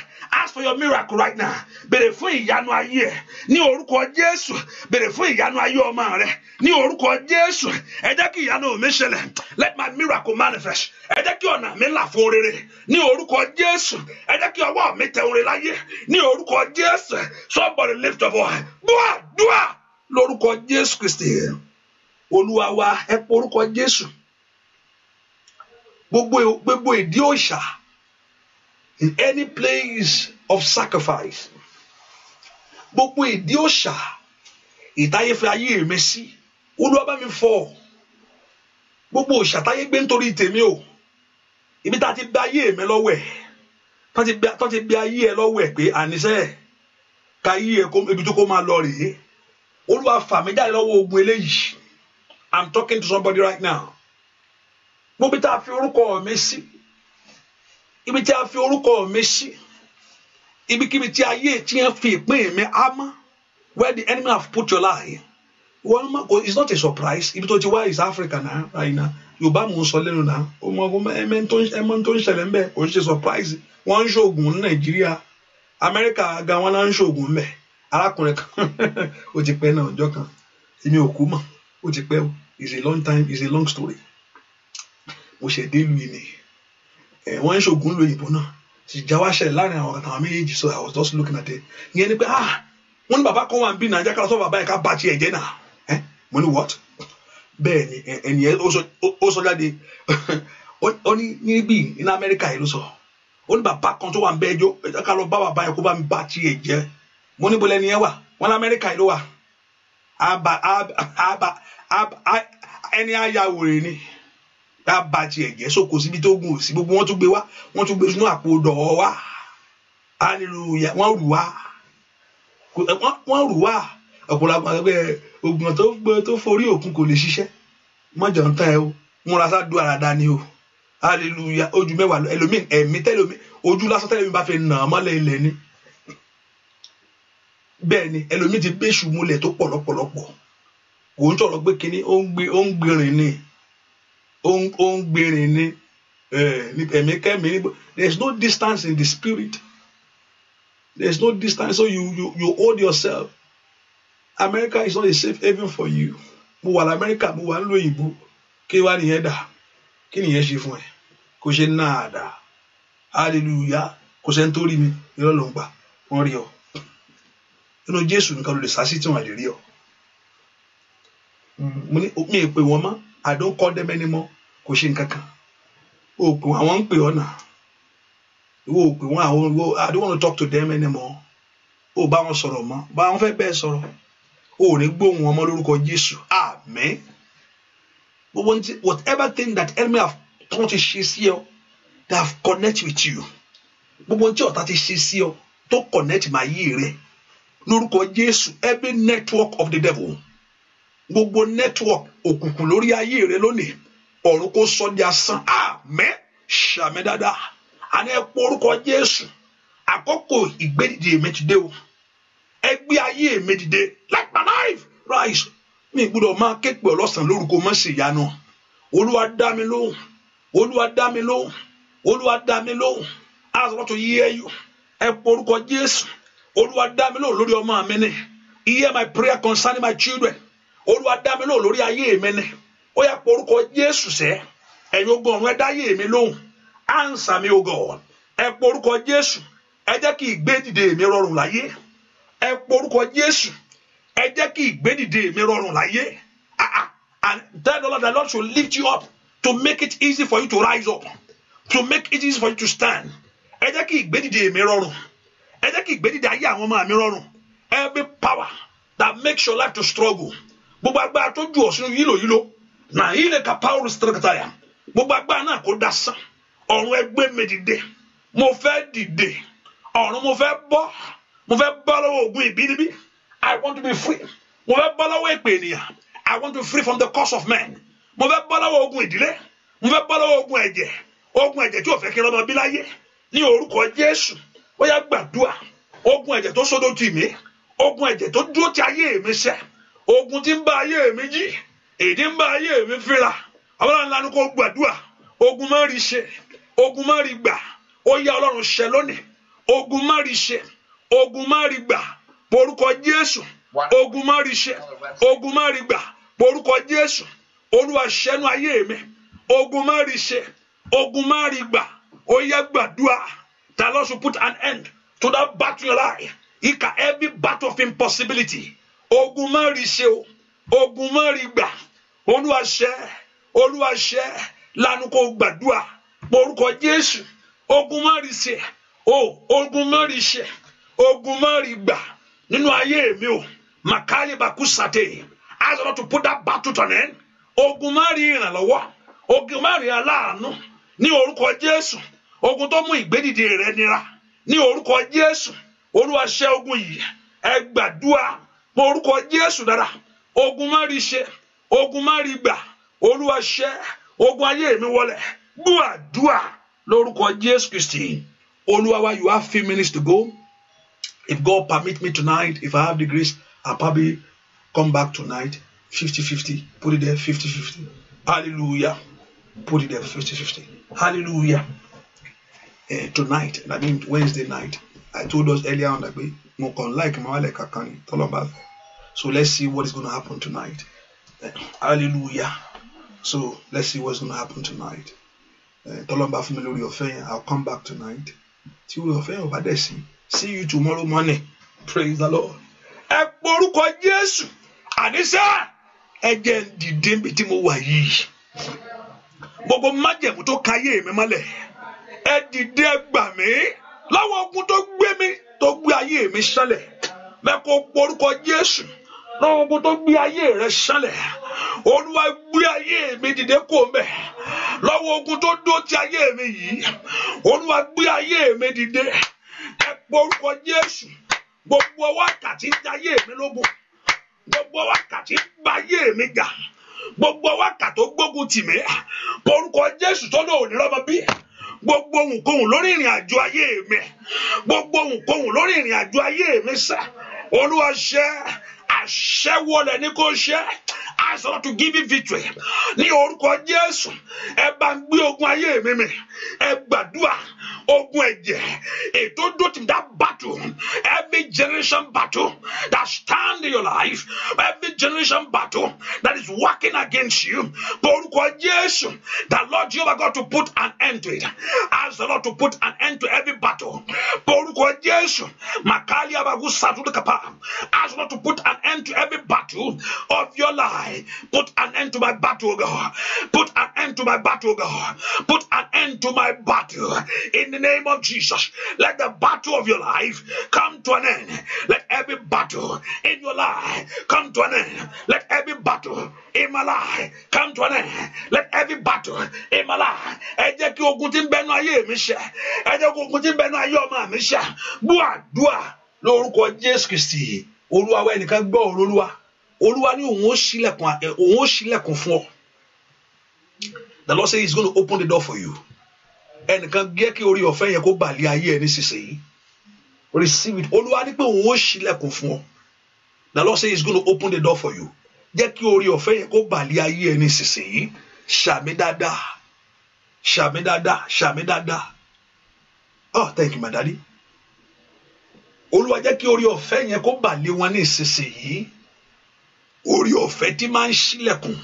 ask for your miracle right now bèrè fún ìyanu ayé ẹ ní orúkọ Jésù bèrè fún ìyanu ayé ọmọ rẹ ní orúkọ Jésù ẹ jẹ́ kí ìyanu mi ṣẹlẹ̀ let my miracle manifest ẹ jẹ́ kí ọ̀nà mi là fún rere ní orúkọ Jésù ẹ jẹ́ kí ọwọ́ mi tẹ̀wọ̀n láyé ní orúkọ Jésù somebody lift up your hand dúà dúà lórúkọ Jésù Kristi olúwa wa ẹ pé orúkọ Jésù gbogbo e, gbogbo ìdí òòṣà in any place of sacrifice gbogbo ìdí òòṣà ìtayé fi ayé mi sí olúwa bá mi fọ́ gbogbo òòṣà táyé gbé nítorí tèmi o ibi tá a ti gba ayé mi lọ́wọ́ ẹ̀ tó ti gba ayé ẹ lọ́wọ́ ẹ̀ pé àníṣe ka ayé ẹ ibi tó kó máa lọ rèé olúwa fà jáde lọ́wọ́ ogun eléyìí i'm talking to somebody right now mo bí tá a fi orúkọ mi ibi tí a fi orúkọ mi sí ibikíbi tí ayé tí yẹn fi ìpín mi ama mọ́ where the enemy have put your lie wọ́n it's not a surprise ibi tó ti wá is Africa na àyìnà Yorùbá mò ń sọ lẹ́nu náà ọmọ eme ẹmẹ tó ń ṣẹlẹ̀ ń bẹ̀ kò ṣe surprise wọ́n ń ṣoògùn ní Nàìjíríà Amẹ́ríkà ga wọn náà ń ṣoògùn mẹ́ arákùnrin kan o ti pẹ́ náà ọjọ́ kan èmi ò kú mọ̀ ó ti pẹ́ o it's a long time it's a long story mo ṣẹ̀ dé lu ìní ẹ̀ wọ́n ń ṣògùn lu òyìnbó náà ìjà wa ṣẹlẹ̀ láàrin àwọn àtàwọn méjèèjì so I was just looking at it ìyẹn ni pé ah wọ́n ní bàbá kan wà ń bí nàìjíríà kálọ́sọ́ bàbá yẹn ká bá tiẹ̀ jẹ́ náà ẹ́ mo ní what bẹ́ẹ̀ ni ẹnìyẹn ó sọ jáde ó ní níbí ní Amẹ́ríkà yìí ló sọ ó ní bàbá kan tó wà ń bẹ́ ẹjọ́ kálọ́ bá bàbá yẹn kó bá mi bá tiẹ̀ jẹ́ mo ní bọ́lẹ̀ ẹnìyẹn wà wọ́n ní Amẹ́ríkà yìí ló wà àbà àbà àbà ẹni àyàwòrè ni tá a ba tiẹ̀ jẹ́ so kò síbi tó gùn sí gbogbo wọn tún gbé wá wọn tún gbé sínú àpò dọ̀ọ́ wá hallelujah wọn rù wá eh, wọn rù wá ọ̀pọ̀lọpọ̀ àgbẹ̀ ògùn tó gbé tó forí òkun kò lè ṣiṣẹ́ mọ́jọ ń tán ẹ o wọn ra sáà dó ara dání o hallelujah ojú mẹ́wàá ẹlòmíì ẹ̀mí tẹ́lẹ̀mí ojú lásán tẹ́lẹ̀mí bá fi nà án mọ́lẹ̀ ilẹ̀ ni bẹ́ẹ̀ ni ẹlòmíì ti gbé ìṣùmọ̀lẹ̀ tó pọ̀ lọ́pọ̀lọpọ̀ kò ń tọ̀rọ̀ pé kinní ó ń gbé ó ń gbé ni There's no distance in the spirit There's no distance so you you you hold yourself America is not a safe haven for you mo wà lamẹ́ríkà mo wà nílùú òyìnbó kí wàá nìyẹn dà kí nìyẹn ṣe fún ẹ kò ṣe náà dà hallelujah kò sẹ́ni tó rí mi irọ́ ló ń gbà wọ́n rí ọ nínú jésù nìkan ló lè sá sí tí wọ́n lè rí ọ mo ní mi ì pè wọ́n mọ́ I don't call them anymore kò ṣe nǹkan kan òpè àwọn ń pè ọ́ ìwọ òpè wọn àwọn ìwọ I don't want to talk to them anymore ó bá wọn sọ̀rọ̀ mọ́ bá wọn fẹ́ bẹ́ẹ̀ sọ̀rọ̀ ó ní gbóhùn ọmọ lórúkọ Jésù àmín gbogbo ní whatever thing that enemy have tán ti ṣe sí ọ that have connect with you gbogbo ní ọ̀tá ti ṣe sí ọ tó connect máa yí rẹ lórúkọ Jésù every network of the devil gbogbo network òkùnkùn lórí ayé rẹ lónìí ọ̀run kó sọ di asán àmẹ́ ṣàmẹ́ dáadáa àní ẹ pọ orúkọ Jésù àkókò ìgbédìde èmi ti dé o ẹ gbé ayé èmi dìde like my life rise mi gbọ́dọ̀ máa ké pè ọ́ lọ́sàn-án lórúkọ mọ́ sí ìyanu olúwa dá mi lóhùn olúwa dá mi lóhùn olúwa dá mi lóhùn aṣọ tó yí ẹ yọ ẹ pọ orúkọ Jésù olúwa dá mi lóhùn lórí ọmọ mi ni hear my prayer concerning my children olúwa dá mi lóhùn lórí ayé mi ó yá porúkọ jésù sẹ́ ẹ̀yin ogun ọ̀run ẹ dáyé mi lóhùn answer me o God ẹ porúkọ jésù ẹ jẹ́ kí ìgbédìde mi rọrùn láyé ẹ porúkọ jésù ẹ jẹ́ kí ìgbédìde mi rọrùn láyé ah, ah. and then the Lord, the Lord should lift you up to make it easy for you to rise up to make it easy for you to stand ẹ jẹ́ kí ìgbédìde mi rọrùn ẹ jẹ́ kí ìgbédìde ayé àwọn ọmọ mi rọrùn every power that makes your life to struggle gbogbo agbára tó ju ọ̀sìn yílò yílò na ile ka paul sitere ya gbogbo agbára náà dasa. dasá ọ̀run ẹgbẹ́ mi dìde mo fẹ́ dìde ọ̀run mo fẹ́ bọ́ mo fẹ́ bọ́ lọ́wọ́ ogun ìbínibí i want to be free mo fẹ́ bọ́ lọ́wọ́ èpè ènìyàn i want to be free from the curse of men mo fẹ́ bọ́ lọ́wọ́ ogun ìdílé mo fẹ́ bọ́ lọ́wọ́ ogun ẹ̀jẹ̀ ogun ẹ̀jẹ̀ tí ò fẹ́ kí lọ́mọ bí láyé ní orúkọ jésù ó yá gbàdúrà ogun ẹ̀jẹ̀ tó sódò tì mí ogun ẹ̀jẹ̀ tó dúró ti ayé mi ṣẹ́ ogun tí ń bá ayé mi jí èdè ń bá ayé mi fira ọlọ́run lanu kó gbàdúrà ogun má rí ṣe ogun má rí gbà ó yá ọlọ́run ṣẹ lónìí ogun má rí ṣe ogun má rí gbà porúkọ jésù ogun má rí ṣe ogun má rí gbà porúkọ jésù olúwa ṣẹ́nu ayé mi ogun má rí ṣe ogun má rí gbà ó yá gbàdúrà that Lord should put an end to that battle in life. Ika every battle of impossibility. Ogun má rí ṣe o, ogun má rí gbà. olúwa ṣe olúwa ṣe lanu kò gbàdúrà orúkọ jésù ogun ṣe o ogun má ṣe ogun gbà nínú ayé mi o makali bakusate ask God to put that to an end ogun má ìrànlọ́wọ́ ogun má aláàánú ní orúkọ jésù ogun ogun yìí ẹ gbàdúrà orúkọ jésù dára ogun ogun má rí gbà olúwa ṣẹ́ ogun ayé mi wọlẹ̀ gbúàdúà lórúkọ jésù kristi olúwa wa you have few minutes to go if god permit me tonight if i have the grace i'll probably come back tonight fifty fifty put it there fifty fifty hallelujah put it there fifty fifty hallelujah uh, tonight i mean wednesday night i told us earlier on that pé mo kàn like mawale kankan ni tọ́lọ́ba fẹ́ so let's see what is gonna happen tonight hallelujah so let's see what's going to happen tonight eh, tọ́lọ́mbà fún mi lórí ọ̀fẹ́ yẹn I'll come back tonight tí orí ofe yẹn ò bá dẹ̀ see you tomorrow morning praise the Lord ẹ porúkọ Jésù àníṣe ẹ̀jẹ̀ dìde níbi tí mo wà yìí gbogbo májẹ̀mú tó káyé mi mọ́lẹ̀ ẹ dìde gbà mí láwọn ogun tó gbé mi tó gbé ayé mi ṣẹlẹ̀ mẹ́kọ̀ọ́ porúkọ Jésù láwọn ogun tó gbé ayé rẹ ṣánlẹ̀ olúwa gbé ayé mi dìde kò mẹ́ lọ́wọ́ ogun tó dó ti ayé mi yìí olúwa gbé ayé mi dìde ẹ pọ orúkọ Jésù gbogbo wákàtí ń jayé mi lógun gbogbo wákàtí ń gba ayé mi jà gbogbo wákàtí ó gbógun tì mí orúkọ Jésù tó lóò ní lọ́mọ bí gbogbo ohunkóhun lórí ìrìn àjò ayé mi gbogbo ohunkóhun lórí ìrìn àjò ayé mi sá olúwa ṣe I àṣẹwọ lẹ ní kó ṣe I sọ̀rọ̀ to give you victory ní orúkọ Jésù ẹ bá ń gbé ogun ayé mi mi ẹ gbàdúrà ogun ẹ̀jẹ̀ ètò dòtí that battle every generation battle that stand in your life every generation battle that is working against you orúkọ Jésù that Lord Jehovah God to put an end to it I sọ̀rọ̀ to put an end to every battle orúkọ Jésù màkàlí abagun sàtúndì kapa I sọ̀rọ̀ to put an an end to every battle of your life. Put an end to my battle, God. Put an end to my battle, God. Put an end to my battle. In the name of Jesus, let the battle of your life come to an end. Let every battle in your life come to an end. Let every battle in my life come to an end. Let every battle in my life. Ẹ kí bẹnu ayé mi ṣẹ. bẹnu ayé mi ṣẹ. olúwa wá ẹnìkan gbọ́ ọ̀rọ̀ olúwa olúwa ní òun ó ṣílẹ̀kùn fún ọ the lord say he is going to open the door for you ẹnìkan gẹ́ kí orí ọ̀fẹ́ yẹn kó bàlẹ́ ayé ẹ nísinsìnyí receive it olúwa ní pé òun ó ṣílẹ̀kùn fún ọ the lord say he is going to open the door for you jẹ́ kí orí ọ̀fẹ́ yẹn kó bàlẹ́ ayé ẹ nísinsìnyí ṣàmì dáadáa ṣàmì dáadáa ṣàmì dáadáa oh thank you my daddy olúwa jẹ́ kí orí ọ̀fẹ́ yẹn kó bà lé wọn ní ìsinsìnyí orí ọ̀fẹ́ tí máa ń ṣílẹ̀kùn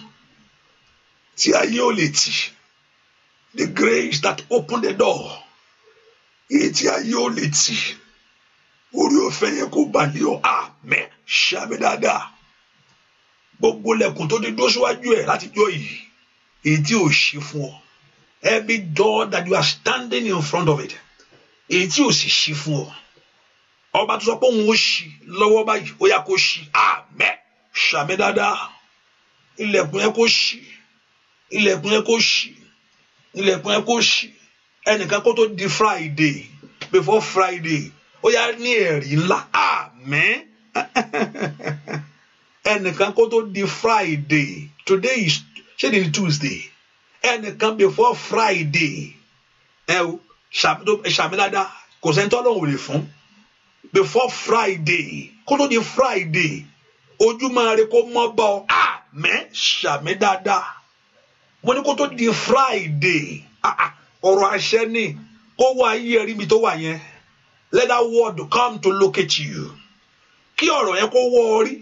tí ayé ò lè tì the grace that opened the door èyí tí ayé ò lè tì orí ọ̀fẹ́ yẹn kó bà lé ọ àmín ṣàmì dáadáa gbogbo lẹ̀kùn tó ti dó síwájú ẹ̀ láti jọ yìí èyí tí ò ṣe fún ọ every door that you are standing in front of it èyí tí ò sì ṣe fún ọ ọba tó sọ pé òun ó ṣí lọ́wọ́ báyìí ó yá kó ṣí àmẹ́ ṣàmì dáadáa ilẹ̀kùn yẹn kó ṣí ilẹ̀kùn yẹn kó ṣí ilẹ̀kùn yẹn kó ṣí ẹnìkan kó tó di friday before friday ó yá ní ẹ̀rí ńlá àmẹ́ ẹnìkan kó tó di friday today is ṣé ni tuesday ẹnìkan before friday ẹ ṣàmì dáadáa kò sẹ́ni tọ́lọ́hùn ò lè fún before Friday kó tó di Friday ojúmọ́ rẹ kó mọ́ bá ọ àmẹ́ ṣàmì dáadáa wọ́n ní kó tó di Friday ah, ah. ọ̀rọ̀ àṣẹ ni kó wá ayé ẹ̀rí mi tó wà yẹn let that word come to locate you kí ọ̀rọ̀ yẹn kó wọ́ ọ rí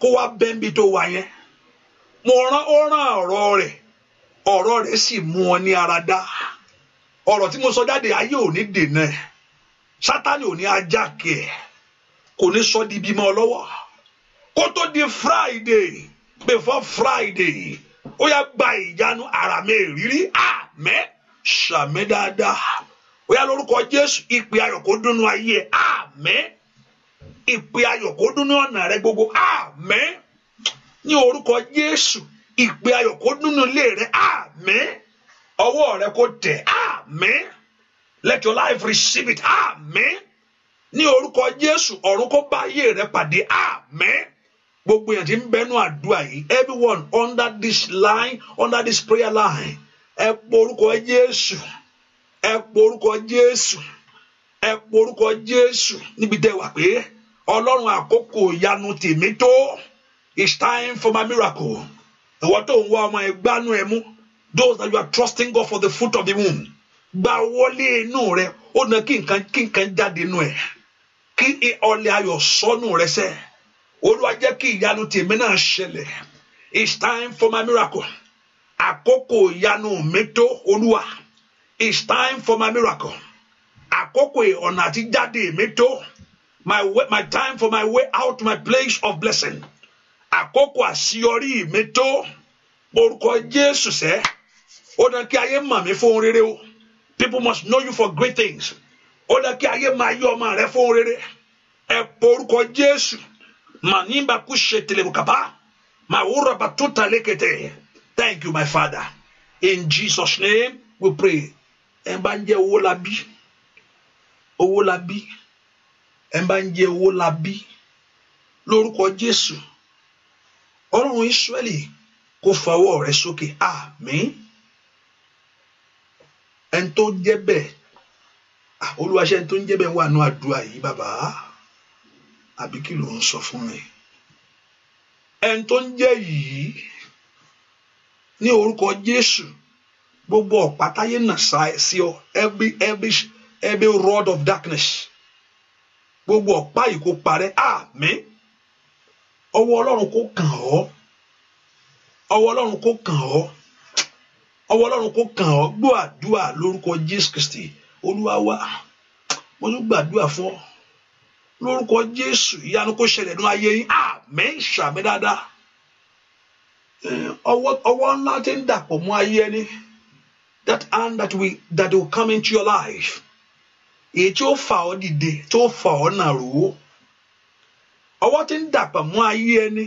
kó wá bẹ́ńbi tó wà yẹn mo rán ó rán ọ̀rọ̀ rẹ̀ ọ̀rọ̀ rẹ̀ sì mú ọ ní ara dá ọ̀rọ̀ tí mo sọ jáde ayé ò ní dènà ẹ̀ sátani ò ní ajá kẹ kò ní sọ di bímọ lọ́wọ́ kó tó di friday before friday ó yá gba ìyanu ara mi rírí àmẹ́ sàmẹ́ dáadáa ó yá lórúkọ jésù ìpè ayọ̀ kó dúnú ayé àmẹ́ ìpè ayọ̀ kó dúnú ọ̀nà rẹ gbogbo àmẹ́ ní orúkọ jésù ìpè ayọ̀ kó dúnú ilé rẹ àmẹ́ ọwọ́ rẹ kó tẹ̀ àmẹ́. let your life receive it amen ní orúkọ Jésù ọ̀run kó bá ayé rẹ pàdé amen gbogbo èèyàn tí ń bẹnu àdúrà yìí everyone under this line under this prayer line ẹ pọ orúkọ Jésù ẹ pọ orúkọ Jésù ẹ pọ orúkọ Jésù níbi tẹ wà pé Ọlọ́run àkókò ìyanu tèmi tó it's time for my miracle ìwọ tó ń wá ọmọ ẹgbàánu ẹ mú those that you are trusting God for the foot of the womb. gba wọlé inú rẹ ó na kí nǹkan kí nǹkan jáde inú ẹ kí ọlẹ ayọ̀ sọnù rẹ sẹ olúwa jẹ́ kí ìyanu tèmi náà ṣẹlẹ̀ it's time for my miracle àkókò ìyanu mi tó olúwa it's time for my miracle àkókò ọ̀nà àti jáde mi tó my way, my time for my way out my place of blessing àkókò àṣeyọrí mi tó orúkọ jésù sẹ ó na kí ayé mọ̀ mí fún rere o. people must know you for great things ó dá kí ayé máa yí ọmọ rẹ fún rere ẹ porúkọ jésù màníbà kú ṣe tẹlẹmùkàbá màá wúrọ̀ bá tó ta lékete thank you my father in jesus name we pray ẹ bá ń jẹ owó labí owó labí ẹ bá ń jẹ owó labí lórúkọ jésù ọlọ́run israẹli kó fọwọ́ rẹ sókè àmín. Ah, ẹni tó jẹ́ bẹ́ẹ̀ olúwaṣẹ tó ń jẹ́ bẹ́ẹ̀ wà ní àdúrà yìí bàbá àbí kí ló ń sọ fún mi ẹni tó ń jẹ́ yìí ní orúkọ Jésù gbogbo ọ̀pá táyé nà sí ọ every every rod of darkness gbogbo ọ̀pá yi kó parẹ́ ọwọ́ Ọlọ́run kó kàn ọ́ ọwọ́ Ọlọ́run ọwọ́ ọlọ́run kò kàn ọ́ gbọ́ àdúrà lórúkọ jésù kristi olúwa wa mo tún gbàdúrà fún ọ lórúkọ jésù ìyanu kò ṣẹlẹ̀ nínú ayé yín àmín ṣàmì dáadáa ọwọ́ ńlá ti ń dàpọ̀ mọ́ ayé ẹni that hand that will that will come into your life èyí tí ó fà ọ́ dìde tí ó fà ọ́ nàró ọwọ́ ti ń dàpọ̀ mọ́ ayé ẹni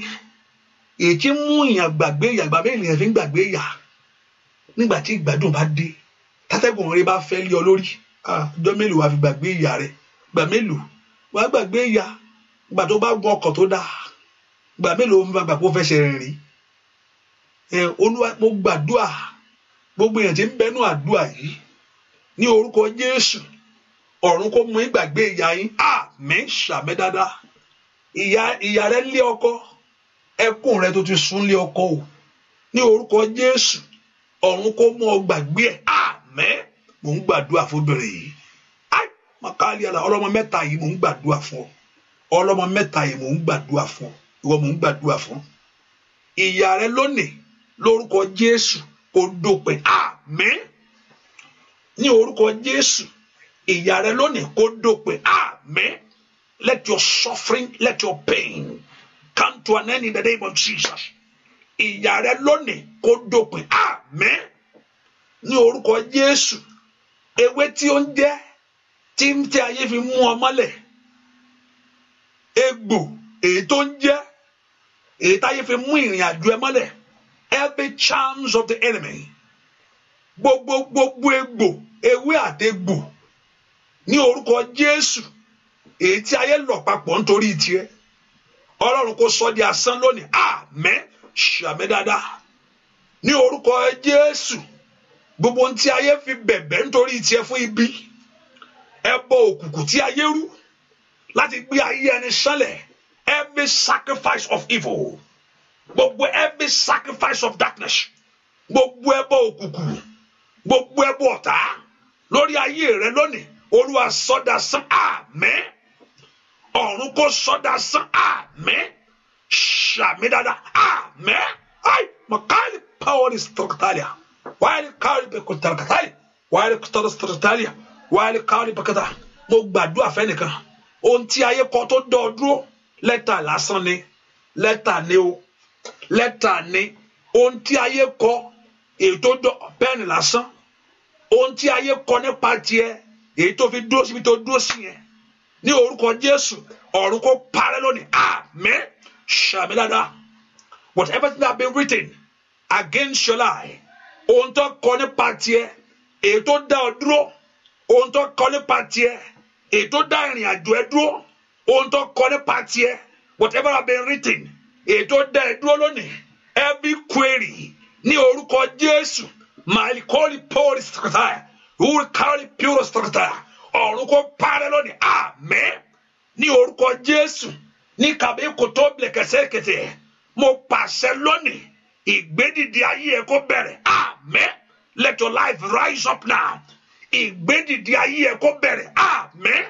èyí tí mú ìyàn gbàgbé ìyà gbàgbé ènìyàn fi ń gbàgbé ìyà nígbà tí ìgbádùn bá dé tátẹ́gùn rẹ bá fẹ́ lé ọ lórí ọjọ́ mélòó wàá fi gbàgbé ìyá rẹ gbà mélòó wàá gbàgbé ìyá gbà tó bá gun ọkọ̀ tó dáa gbà mélòó ń bá gbà kó fẹsẹ̀ rìn rí ẹ olúwa mo gbàdúà gbogbo èèyàn tí ń bẹnu àdúà yìí ní orúkọ Jésù ọ̀run kó mú ìgbàgbé ìyá yín àmín ṣàmẹ́ dáadáa ìyá ìyá rẹ lé ọkọ ẹkún rẹ tó ti sún lé ọkọ o ní orúkọ Jésù ọ̀run kó mú ọ gbàgbé ẹ̀ àmẹ́ mò ń gbàdúrà fóbìnrin yìí ai màkàlí àlà ọlọ́mọ mẹ́ta yìí mò ń gbàdúrà fún ọ ọlọ́mọ mẹ́ta yìí mò ń gbàdúrà fún ọ ìwọ mò ń gbàdúrà fún ìyá rẹ lónìí lórúkọ Jésù kó dópin àmẹ́ ní orúkọ Jésù ìyá rẹ lónìí kó dópin àmẹ́ let your suffering let your pain come to an end in the name of Jesus ìjà rẹ lónìí kó dópin àmín ní orúkọ Jésù ewé tí ó ń jẹ tí ń tẹ ayé fi mú ọ mọ́lẹ̀ egbò èyí tó ń jẹ èyí táyé fi mú ìrìn àjò ẹ mọ́lẹ̀ every charms of the enemy gbogbo gbogbo egbò ewé àtegbò ní orúkọ Jésù èyí tí ayé lọ papọ̀ nítorí tiẹ̀ ọlọ́run kò sọ di asán lónìí àmín. Ah, ṣàmì dáadáa ní orúkọ Jésù gbogbo ohun tí ayé fi bẹ̀bẹ̀ nítorí tiẹ̀ fún ibi ẹbọ òkùnkùn tí ayé rú láti gbé ayé ẹni sánlẹ̀ every sacrifice of evil gbogbo every sacrifice of darkness gbogbo ẹbọ òkùnkùn gbogbo ẹbọ ọ̀tá lórí ayé rẹ lónìí olúwa sọdá sán àmín ọ̀run kò sọdá sán àmín ṣàmì dáadáa àmẹ́ ayi mọ̀kálí pàwọ́lì sọ̀rọ̀tàlíà wáyé káwọ́lì bẹ̀kọ̀ sọ̀rọ̀tàlíà wáyé kọ̀tọ̀rọ̀ sọ̀rọ̀tàlíà wáyé káwọ́lì bẹ̀kọ̀tà mo gbàdúrà fẹ́nìkan ohun tí ayé kọ tó dọ̀ dúró lẹ́tà lásán ni lẹ́tà ni o lẹ́tà ni ohun tí ayé kọ èyí tó dọ̀ pẹ́ẹ́nì lásán ohun tí ayé kọ nípa tiẹ̀ èyí tó fi dúró síbi tó dúró sí yẹn ní orúkọ Jésù ọ̀run kó parẹ́ lónìí àmín. Ah, ṣàmì dáadáa whatever that been written against your lie, ohun tó kọ nípa tiẹ̀ èyí tó dá ọ dúró ohun tó kọ nípa tiẹ̀ èyí tó dá ìrìn àjò ẹ dúró ohun tó kọ nípa tiẹ̀ whatever that been written èyí tó dá ẹ dúró lónìí every query ní orúkọ Jésù malikoli paul sakata wúrikali pure sakata ọ̀run parallel ni. Amen. Ni ní orúkọ Jésù ní kàbí kòtó bilẹ̀ mo pàṣẹ lónìí ìgbédìde ayé ẹ kó bẹ̀rẹ̀ àmín let your life rise up now ìgbédìde ayé ẹ kó bẹ̀rẹ̀ àmín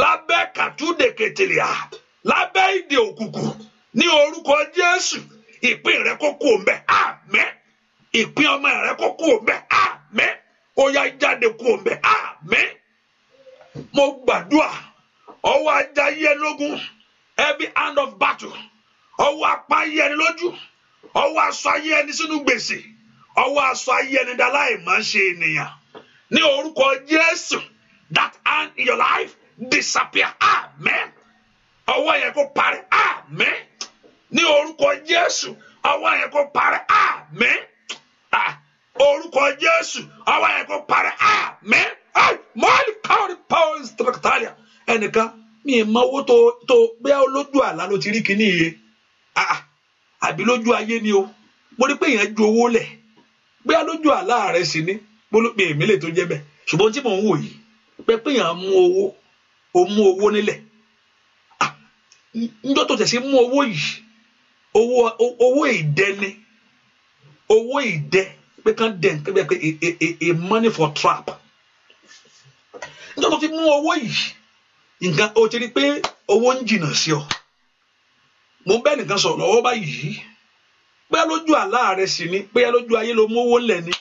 lábẹ́ kàtúndé kẹtìlíà lábẹ́ ìdè òkùnkùn ní orúkọ Jésù ìpín rẹ kó kú òǹbẹ àmín ìpín ọmọ rẹ kó kú òǹbẹ àmín ó jáde kú òǹbẹ àmín mo gbàdúrà ọwọ́ ajá yẹ every hand of battle ọwọ́ apá ayé ẹni lójú ọwọ́ aṣọ ayé ẹni sínú gbèsè ọwọ́ aṣọ ayé ẹni dá láì máa ṣe ènìyàn ní orúkọ Jésù that hand in your life disappear amen ọwọ́ yẹn kó parí amen ní orúkọ Jésù ọwọ́ yẹn kó parí amen ah, orúkọ Jésù ọwọ́ yẹn kó parí amen mọ́ọ̀lì káwọn ní pàwọ́ ìsìtìmọ̀kìtàlíà ẹnìkan mi mọwó tó tó bóyá lójú àlá ló ti rí kíní yẹ ah, àbí lójú ayé ni o mo rí pé èèyàn ju owó lẹ̀ bóyá lójú àlá rẹ sì ni mo ló pe èmi lè tó jẹ́ bẹ́ẹ̀ ṣùgbọ́n tí mò ń wò yìí pé pé èèyàn mú owó o mú owó nílẹ̀ ah, njọ́ tó tẹ̀sí mú owó yìí owó owó ìdẹ ni owó ìdẹ pé kán dẹ̀ ń pẹ́ pé a e, e, e, money for trap njọ́ tó ti mú owó yìí nǹkan o ti rí pé owó ń jìnnà sí ọ mo bẹ́ẹ̀ nìkan sọ̀rọ̀ lọ́wọ́ báyìí bóyá lójú àlá rẹ sì ni bóyá lójú ayé ló mú owó lẹ̀ ni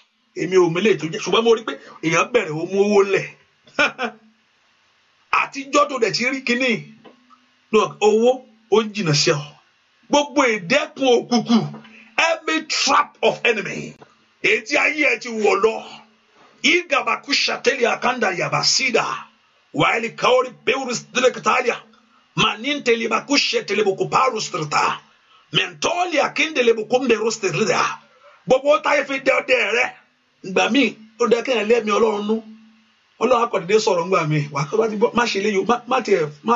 èmi ò mélèé tó jẹ́ ṣùgbọ́n mo rí pé èèyàn bẹ̀rẹ̀ ó mú owó lẹ̀ àtijọ́ tó dẹ̀ ti rí kinní owó ó ń jìnnà sí ọ gbogbo ìdẹ́kun òkùnkùn every trap of enemy èyí tí ayé ẹ ti wọ̀ lọ ìgàbàkú ṣàtẹ́lẹ̀ àkàndà yàbá sídà. waili kaori peurus dilektalia maninte libakushe telebukuparus tirta mentoli akinde lebukumberus tirida gbogbo táyé fi dé ọdẹ rẹ gbà mí ó dẹ kéèyàn lé mi ọlọ́run nú ọlọ́run akọ̀dédé sọ̀rọ̀ ńgbà mí wà á ti bọ́ má ṣe léyò má tiẹ̀ má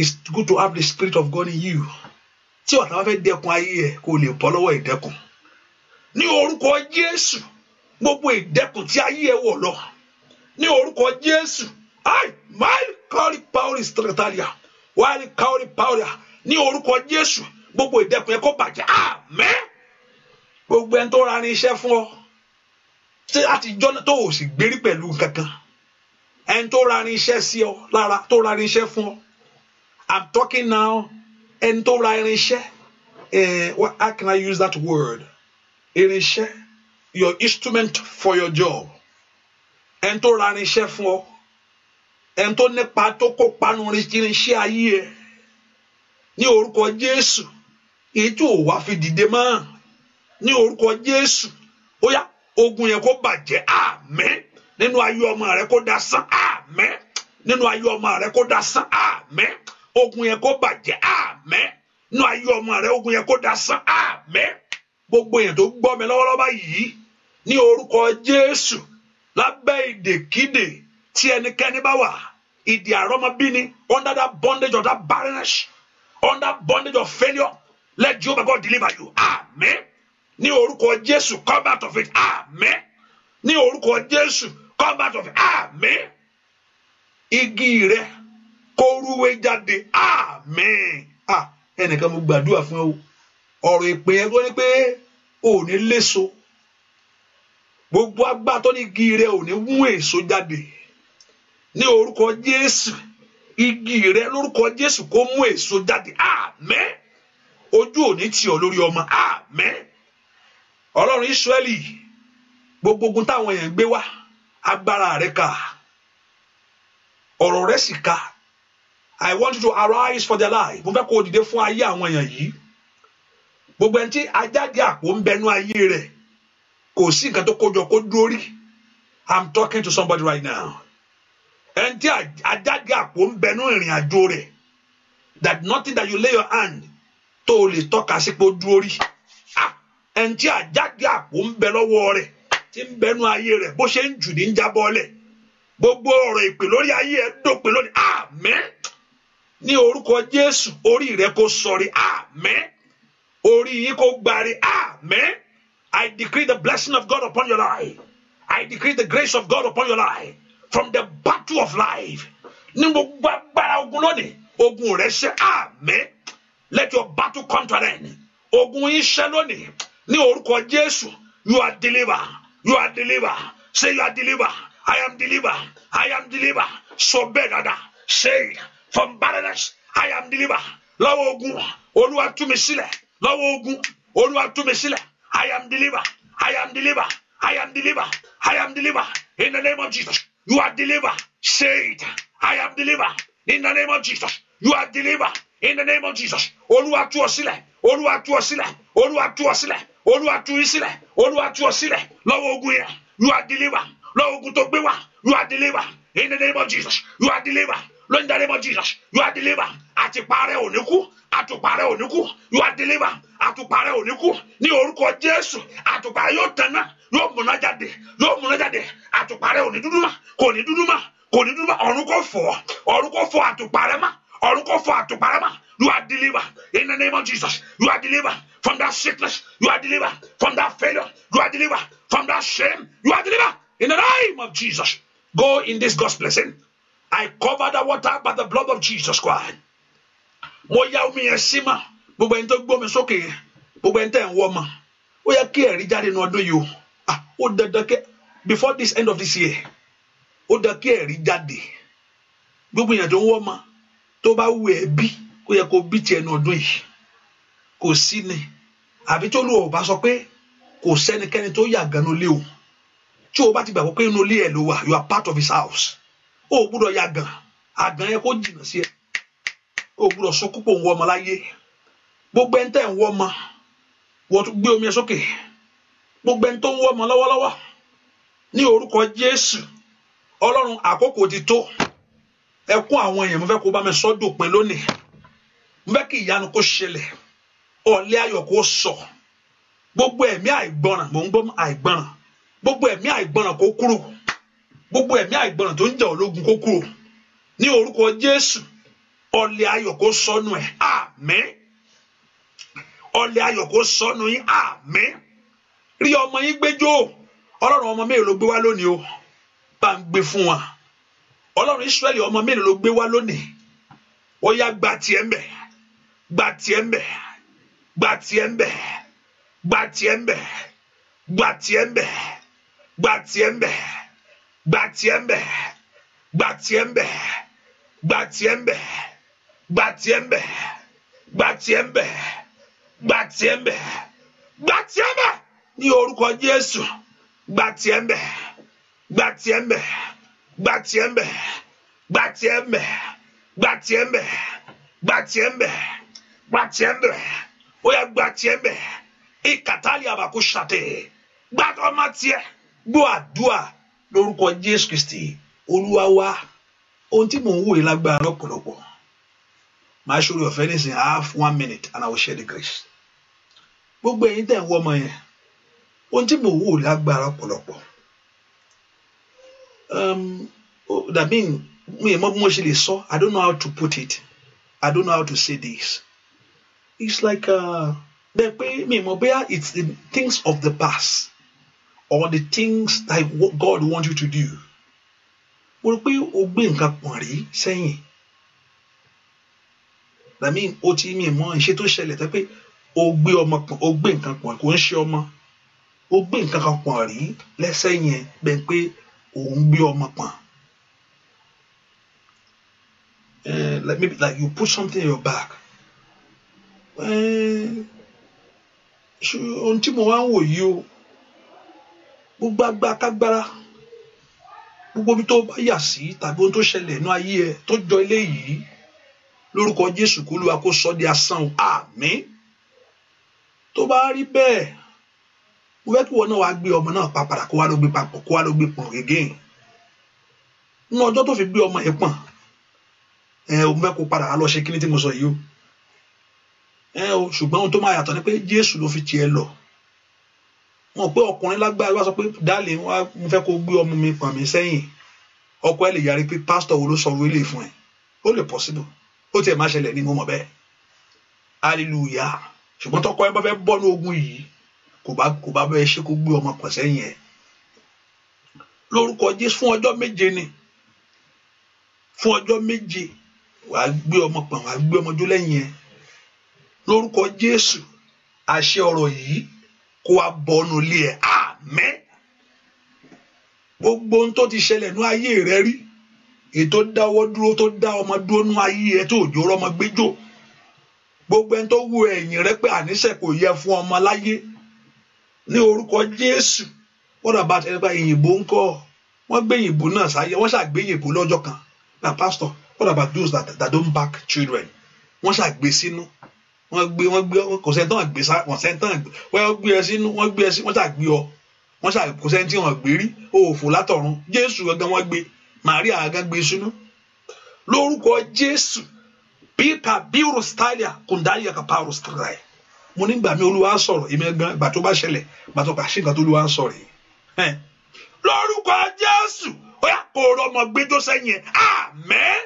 it's good to have the spirit of God in you ti wata bá fẹ́ dẹ́kun ko ẹ̀ kó lè bọ́ lọ́wọ́ ìdẹ́kun ní gbogbo idekun ti aye ẹ̀ wọ̀ ní orúkọ jésù ai máìlì káórì páórì sítẹ̀tàlíà wáìlì káórì páórì ní orúkọ jésù gbogbo ìdẹkùn yẹn kó bàjẹ́ àmẹ́ gbogbo ẹni tó ra ní iṣẹ́ fún ọ ṣé láti jọ́ tó o sì gbérí pẹ̀lú kankan ẹni tó ra ní iṣẹ́ sí ọ lára tó ra ní iṣẹ́ fún ọ i'm talking now ẹni tó ra irinṣẹ́ eh, how can i use that word irinṣẹ́ your instrument for your job ẹni tó rarinṣẹ́ fún ọ ẹni tó nípa tó kópa nu irinṣẹ́ ayé ẹ ní orúkọ Jésù èyí tí ò wá fi dìde mọ́ ní orúkọ Jésù ó ogun yẹn kó bàjẹ́ àmín nínú ayé ọmọ rẹ kó dasán àmín nínú ayé ọmọ rẹ kó dasán àmín ogun yẹn kó bàjẹ́ àmín nínú ayé ọmọ rẹ ogun yẹn kó dasán àmín gbogbo èèyàn tó gbọ́ mi lọ́wọ́lọ́wọ́ báyìí ní orúkọ Jésù lábẹ́ ìdèkídè tí ẹnikẹ́ni bá wà ìdè àrọ́mọbíni under that bondage of that barrenness under bondage of failure let Jehovah God deliver you amen ní orúkọ Jésù come out of it amen ní orúkọ Jésù come out of it amen igi rẹ kó jáde amen ah ẹnìkan mo gbàdúrà fún ọ ọ̀rọ̀ ìpè yẹn tó ní pé ò ní léso gbogbo agbára tó ní igi rẹ ò ní mú èso jáde ní orúkọ Jésù igi rẹ lórúkọ Jésù kó mú èso jáde àmín ojú ò ní tì ọ́ lórí ọmọ àmín Ọlọ́run Ísírẹ́lì gbogbo ogun táwọn èèyàn gbé wá agbára rẹ kà ọ̀rọ̀ rẹ sì kà I want you to arise for the life mo fẹ́ kó o dìde fún ayé àwọn èèyàn yìí gbogbo ẹni tí ajáde àpò ń bẹnu ayé rẹ̀ kò sí nǹkan tó kójọ kó dúró rí i'm talking to somebody right now ẹni tí ajáde àpò ń bẹnu ìrìn àjò rẹ̀ that nothing that you lay your hand tó o lè tọ́ka sí pé ó dúró rí ẹni tí ajáde àpò ń bẹ lọ́wọ́ rẹ̀ tí ń bẹnu ayé rẹ̀ bó ṣe ń jù ní ń jábọ́ lẹ̀ gbogbo ọ̀rọ̀ ìpè lórí ayé ẹ̀ dópin lónìí àmín ní orúkọ Jésù orí rẹ̀ kò sọrí àmín orí yín kò gbari àmín. I decree the blessing of God upon your life. I decree the grace of God upon your life. From the battle of life. Let your battle come to an end. Ogun yín ṣẹ́ lónìí. Ní you are deliver. You are deliver. Say you are deliver. I am deliver. I am deliver. So bẹ́ẹ̀ Say From barrenness, I am deliver. Lọ́wọ́ ogun, Olúwa mi sílẹ̀. Lọ́wọ́ ogun, Olúwa mi sílẹ̀. I am deliver. I am deliver. I am deliver. I am deliver. In the name of Jesus, you are deliver. Say it. I am deliver. In the name of Jesus, you are deliver. In the name of Jesus, Olúwa tú ọ sílẹ̀, Olúwa tú ọ sílẹ̀, Olúwa tú ọ sílẹ̀, Olúwa tú yín lọ́wọ́ ogun yẹn. You are deliver. Lọ́wọ́ ogun tó gbé wá. You are deliver. In the name of Jesus, you are deliver ló ń darí mọ́ Jesus you are delivered àtìparẹ́ òní kú àtùparẹ́ òní kú you are delivered àtùparẹ́ òní kú ní orúkọ Jésù àtùparẹ́ yóò tanná yóò múná jáde yóò múná jáde àtùparẹ́ òní dúdú mà kò ní dúdú mà kò ní dúdú mà ọ̀run kò fọ́ ọ̀run kò fọ́ àtùparẹ́ mà you are delivered in the name of Jesus you are delivered from that sickness you are delivered from that failure you are delivered from that shame you are delivered in the name of Jesus go in this God's blessing. I cover that water by the blood of Jesus Christ. Mo ya omi yẹn sí mà. Gbogbo ẹni tó gbómi sókè yẹn. Gbogbo ẹni tẹ̀ ń wọ́ mà. Ó yẹ kí ẹ̀rí jáde nínú ọdún yìí o. Ah, ó dandan kẹ́ before this end of this year. Ó dandan kí ẹ̀rí jáde. Gbogbo ìyàtọ̀ ń wọ́ mà. Tó bá wù ẹ́ bí, ó yẹ kó bí tiẹ̀ nínú ọdún yìí. Kò sí ni. Àbí tó lù bá sọ pé kò sẹ́nikẹ́ni tó yàgànnú lé o. Tí o bá ti gbàgbọ́ pé inú ilé ẹ̀ ló wà, you are part of his house o gbúdọ̀ yàgàn àgàn yẹn kó jìnnà sí ẹ o gbúdọ̀ sọ púpọ̀ ń wọ ọmọ láyé gbogbo ẹni tẹ́ ń wọ ọmọ wọ́n tún gbé omi ẹ sókè gbogbo ẹni tó ń wọ ọmọ lọ́wọ́lọ́wọ́ ní orúkọ Jésù Ọlọ́run àkókò ti tó ẹkún àwọn èèyàn mo fẹ́ kó bá mi sọ́ dòpin lónìí mo fẹ́ kí ìyanu kó ṣẹlẹ̀ ọ̀lẹ́ ayọ̀ kó sọ gbogbo ẹ̀mí àìgbọràn mò ń gbọ́ àìgbọràn gbogbo ẹ̀mí àìgbọràn kó kúrò gbogbo ẹ̀mí àìgbọràn tó ń jà ológun kó kúrò ní orúkọ Jésù ọlẹ̀ ayọ̀ kó sọnù ẹ̀ àmín ọlẹ̀ ayọ̀ kó sọnù yín àmín rí ọmọ yín gbẹjọ́ ọlọ́run ọmọ mélòó ló gbé wá lónìí o bá ń gbé fún wa ọlọ́run Ísírẹ́lì ọmọ mélòó ló gbé wá lónìí ó yá gba tiẹ̀ mbẹ̀ gba tiẹ̀ mbẹ̀ gba tiẹ̀ mbẹ̀ gba tiẹ̀ mbẹ̀ gba tiẹ̀ mbẹ̀ gba tiẹ̀ mbẹ̀ gba tiẹ̀ ń bẹ̀ gba tiẹ̀ ń bẹ̀ gba tiẹ̀ ń bẹ̀ gba tiẹ̀ ń bẹ̀ gba tiẹ̀ ń bẹ̀ gba tiẹ̀ ń bẹ̀ gba tiẹ̀ ń ní orúkọ Jésù gba tiẹ̀ ń bẹ̀ gba tiẹ̀ ń ó yẹ gba ìkàtàlì àbàkù ṣàtẹ̀ gbàdọ́ ọmọ gbọ́ àdúrà lórúkọ Jésù Kristi olúwa wa ohun tí mò ń wòye lágbára lọ́pọ̀lọpọ̀ máa ṣòro ọ̀fẹ́ nísìnyí half one minute and I will share the grace gbogbo ẹ̀yin tẹ́ ń wọ ọmọ yẹn ohun tí mò ń wò lágbára ọ̀pọ̀lọpọ̀ um, dàbí mi mọ mo ṣe lè sọ I don't know how to put it I don't know how to say this it's like uh, bẹ́ẹ̀ pé mi mo bóyá it's the things of the past Or the things that God wants you to do mo rò pé o gbé nǹkan pọ̀n rí sẹ́yìn that mean o ti mi mọ iṣẹ́ tó ṣẹlẹ̀ tẹ́ pé o gbé ọmọ pọ̀n o gbé nǹkan pọ̀n kò ń ṣe ọmọ o gbé nǹkan kan pọ̀n rí lẹ́sẹ̀ yẹn bẹ́ẹ̀ pé o ń gbé ọmọ pọ̀n eh, like maybe like you put something in your bag eh, ohun tí mo wá ń wò yìí o gbogbo agbákágbára gbogbo ibi tó bá yà sí tàbí ohun tó ṣẹlẹ̀ inú ayé ẹ tó jọ eléyìí lórúkọ jésù kó lùwà kó sọ di asán o àmín tó bá rí bẹ́ẹ̀ mo fẹ́ kí wọn náà wàá gbé ọmọ náà pa kó wá ló gbé papọ̀ kó wá ló gbé pọ̀ again nínú ọjọ́ tó fi gbé ọmọ yẹn pọ̀n ẹ o fẹ́ kó padà lọ ṣe kíní tí mo sọ yìí o ṣùgbọ́n ohun tó máa yàtọ̀ ni pé jésù ló fi tiẹ̀ lọ mọ̀ pé ọkùnrin lágbára wá sọ pé dálé wá mo fẹ́ kó gbé ọmọ mi pọ̀n mí sẹ́yìn ọkọ ẹ lè yarí pé pásítọ̀ wo ló sọ wí fún ẹ ó lè possible ó tiẹ̀ má ṣẹlẹ̀ ní mo mọ̀ bẹ́ẹ̀ hallelujah ṣùgbọ́n tọkọ ẹ bá fẹ́ bọ́ ní ogun yìí kò bá kò bá bẹ́ẹ̀ ṣe kó gbé ọmọ pọ̀n sẹ́yìn ẹ lórúkọ Jésù fún ọjọ́ méje ni fún ọjọ́ méje wàá gbé ọmọ pọ̀n wàá gbé ọmọ jó lẹ́yìn ẹ lórúkọ Jésù àṣẹ ọ̀rọ̀ yìí kó wá bọnu ilé ẹ àmín gbogbo ohun tó ti ṣẹlẹ̀ ní ayé rẹ rí ètò dáwọ́ dúró tó dá ọmọ dúró ní ayé ẹ tó òjò rọmọ gbẹjọ gbogbo ẹni tó wo ẹ̀yìn rẹ pé àníṣe kò yẹ fún ọmọ láyé ní orúkọ Jésù what about ẹni bá ìyìnbó ń kọ́ wọ́n gbé ìyìnbó náà sáyé wọ́n ṣàgbé ìyìnbó lọ́jọ́ kan na pastor what about those that, that don't back children wọ́n ṣàgbé sínú. No? wọ́n gbé wọ́n gbé kò sẹ́ńtọ́ àgbè sá wọ́n sẹ́ńtọ́ àgbè wọ́n gbé ẹ sínú wọ́n gbé ẹ sí wọ́n sà gbé ọ wọ́n sà kò sẹ́ńtì wọ́n gbé rí òòfò látọ̀run Jésù gangan wọ́n gbé Màríà gangan gbé sínú lórúkọ Jésù bíkà bírò stalia kùndàlíà kà pààrọ̀ stalia mo nígbà mi Olúwa sọ̀rọ̀ èmi gan gbà tó bá ṣẹlẹ̀ gbà tó kàṣí nǹkan tó Olúwa sọ̀rọ̀ yìí lórúkọ Jésù ó yà kó rọmọ gbẹjọ sẹ́yìn àmín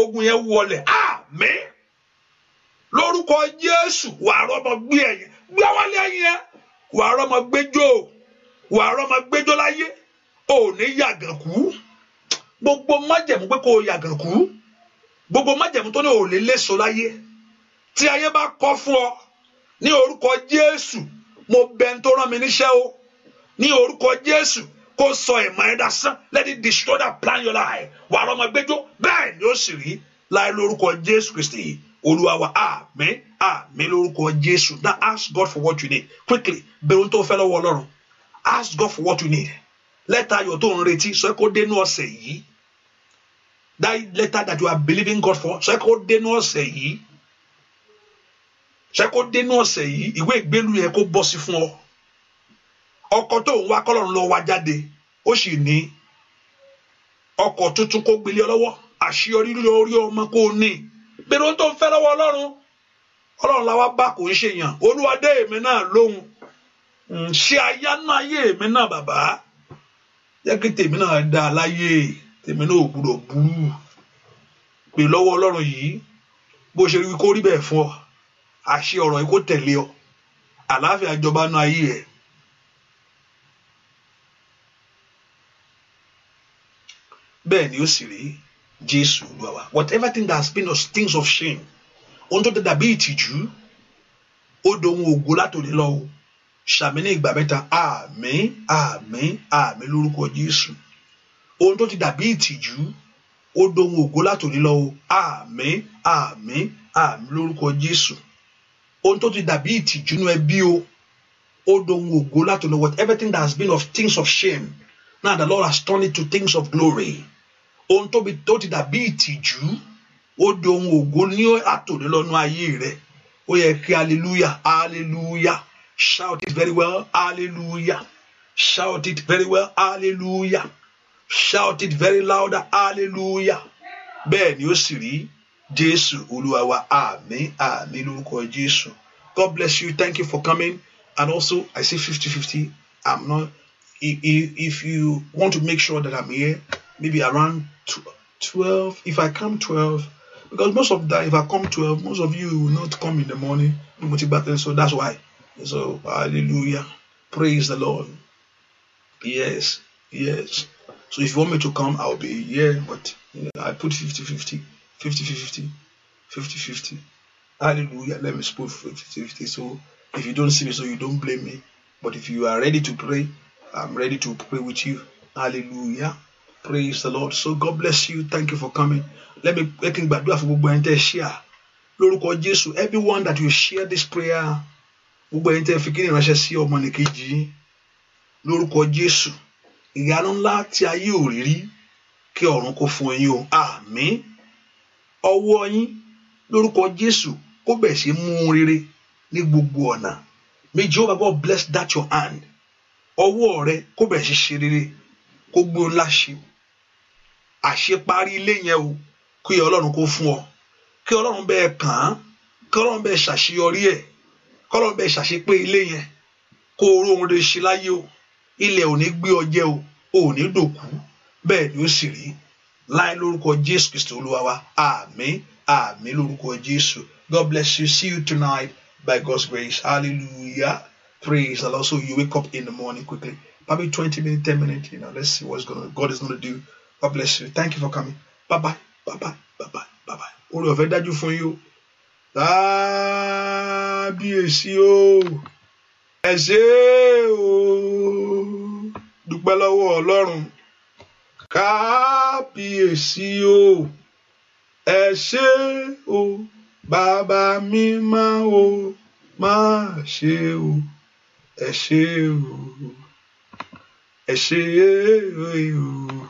ogun yẹn wọlé àmín lórúkọ jésù wà á rọmọ gbé ẹ̀yìn gbé wálé ẹ̀yìn ẹ wà á rọmọ gbẹjọ wà á rọmọ gbẹjọ láyé ò ní yàgàn kú gbogbo májẹ̀mú pé kò yàgàn kú gbogbo májẹ̀mú tó ní ò lè léso láyé tí ayé bá kọ fún ọ ní orúkọ jésù mo bẹ̀ ń tó rán mi níṣẹ́ o ní orúkọ jésù kó sọ ìmọ̀ ẹ dasán let it destroy that plan your life wà á rọmọ gbẹjọ bẹ́ẹ̀ ni ó sì rí láì lórúkọ jésù kristi yìí olúwa wa àmín àmín lórúkọ jésù now ask God for what you need quickly bẹ̀rù tó fẹ́ lọ́wọ́ ọlọ́run ask God for what you need lẹ́tà ayọ̀ tó ń retí sọ kó dénú ọ̀sẹ̀ yìí that letter that you are believing God for sọ kó dénú ọ̀sẹ̀ yìí sọ kó dénú ọ̀sẹ̀ yìí ìwé ìgbélú yẹn kó bọ́ sí fún ọ ọkọ tó ń wá kọ́lọ́run lọ wá jáde ó sì ní ọkọ̀ tuntun kó gbélé ọ lọ́wọ́ àṣeyọrí lórí ọmọ kó o ní. bèrè ohun tó ń fẹ́ lọ́wọ́ ọlọ́run ọlọ́run làwa bá kò ń ṣe yàn olúwa èmi náà ṣe ayánú ayé èmi náà bàbá jẹ́ kí tèmi náà dá a láyé tèmi náà ò gbúdọ̀ pè lọ́wọ́ ọlọ́run yìí bó ṣe rí kó rí bẹ́ẹ̀ fún ọ ọ̀rọ̀ yìí ọ àlàáfíà Jesus, whatever thing that has been us things of shame unto the ability ìtìjú ó dohun ògo látòlé lọ o ṣàmì ní ìgbà mẹ́ta àmín àmín àmín lórúkọ Jésù ohun tó ti dàbí ìtìjú ó to ògo látòlé lọ o àmín àmín àmín lórúkọ Jésù ohun tó ti dàbí ìtìjú nú ẹbí o ó dohun ògo látòlé whatever thing that has been of things of shame now the Lord has turned it to things of glory ohun tóbi tó ti dàbí ìtìjú ó di ohun ògo ní àtòdé lọ́nú ayé rẹ ó yẹ kí hallelujah hallelujah shout it very well hallelujah shout it very well hallelujah shout it very loud hallelujah bẹ́ẹ̀ ni ó sì rí jésù olúwa wa àmín àmín lórúkọ jésù god bless you thank you for coming and also i say fifty fifty i'm not if if you want to make sure that i'm here maybe around 12 if i come 12 because most of that if i come 12 most of you will not come in the morning so that's why so hallelujah praise the lord yes yes so if you want me to come i'll be here but you know, i put 50 50 50 50 50 50 hallelujah let me put 50 50 so if you don't see me so you don't blame me but if you are ready to pray i'm ready to pray with you hallelujah Praise the Lord. So God bless you. Thank you for coming. Let me ẹ kí n gbàdúrà fún gbogbo ẹni tẹ́ ẹ share. Lórúkọ Jésù, everyone that you share this prayer, gbogbo ẹni tẹ́ ẹ fi kíni ìránṣẹ́ sí ọmọnìkejì yín. Lórúkọ Jésù, ìyanu ńlá tí ayé ò rí rí kí ọ̀run kó fún yín o. Àmín. Ọwọ́ yín lórúkọ Jésù kó bẹ̀ sí mú un rere ní gbogbo ọ̀nà. May Jehovah God bless that your hand. Ọwọ́ rẹ kó bẹ̀ sí ṣe rere kó gbé ọ láṣẹ àṣeparí ilé yẹn o kí ọlọ́run kó fún ọ kí ọlọ́run bẹ́ẹ̀ kàn án kí ọlọ́run bẹ́ẹ̀ ṣàṣeyọrí ẹ̀ kí ọlọ́run bẹ́ẹ̀ ṣàṣepé ilé yẹn kó oró ohun rere ṣe láyé o ilẹ̀ ò ní gbé ọ jẹ o ò ní dòkú bẹ́ẹ̀ ni ó sì rí láì lórúkọ jésù kristu olúwa wa àmín àmín lórúkọ jésù god bless you see you tonight by god's grace hallelujah praise the lord so you wake up in the morning quickly maybe 20 minutes, 10 minutes. You know, let's see what's going on. God is going to do. God bless you. Thank you for coming. Bye bye. Bye bye. Bye bye. Bye bye. Orí ọ̀fẹ́ dájú you. yín o. Kábíyèsí o. Ẹ ṣé o. Dúpẹ́ lọ́wọ́ Ọlọ́run. Kábíyèsí o. Ẹ ṣé o. Bàbá mi máa o. Máa ṣe o. Ẹ ṣé o. I see you.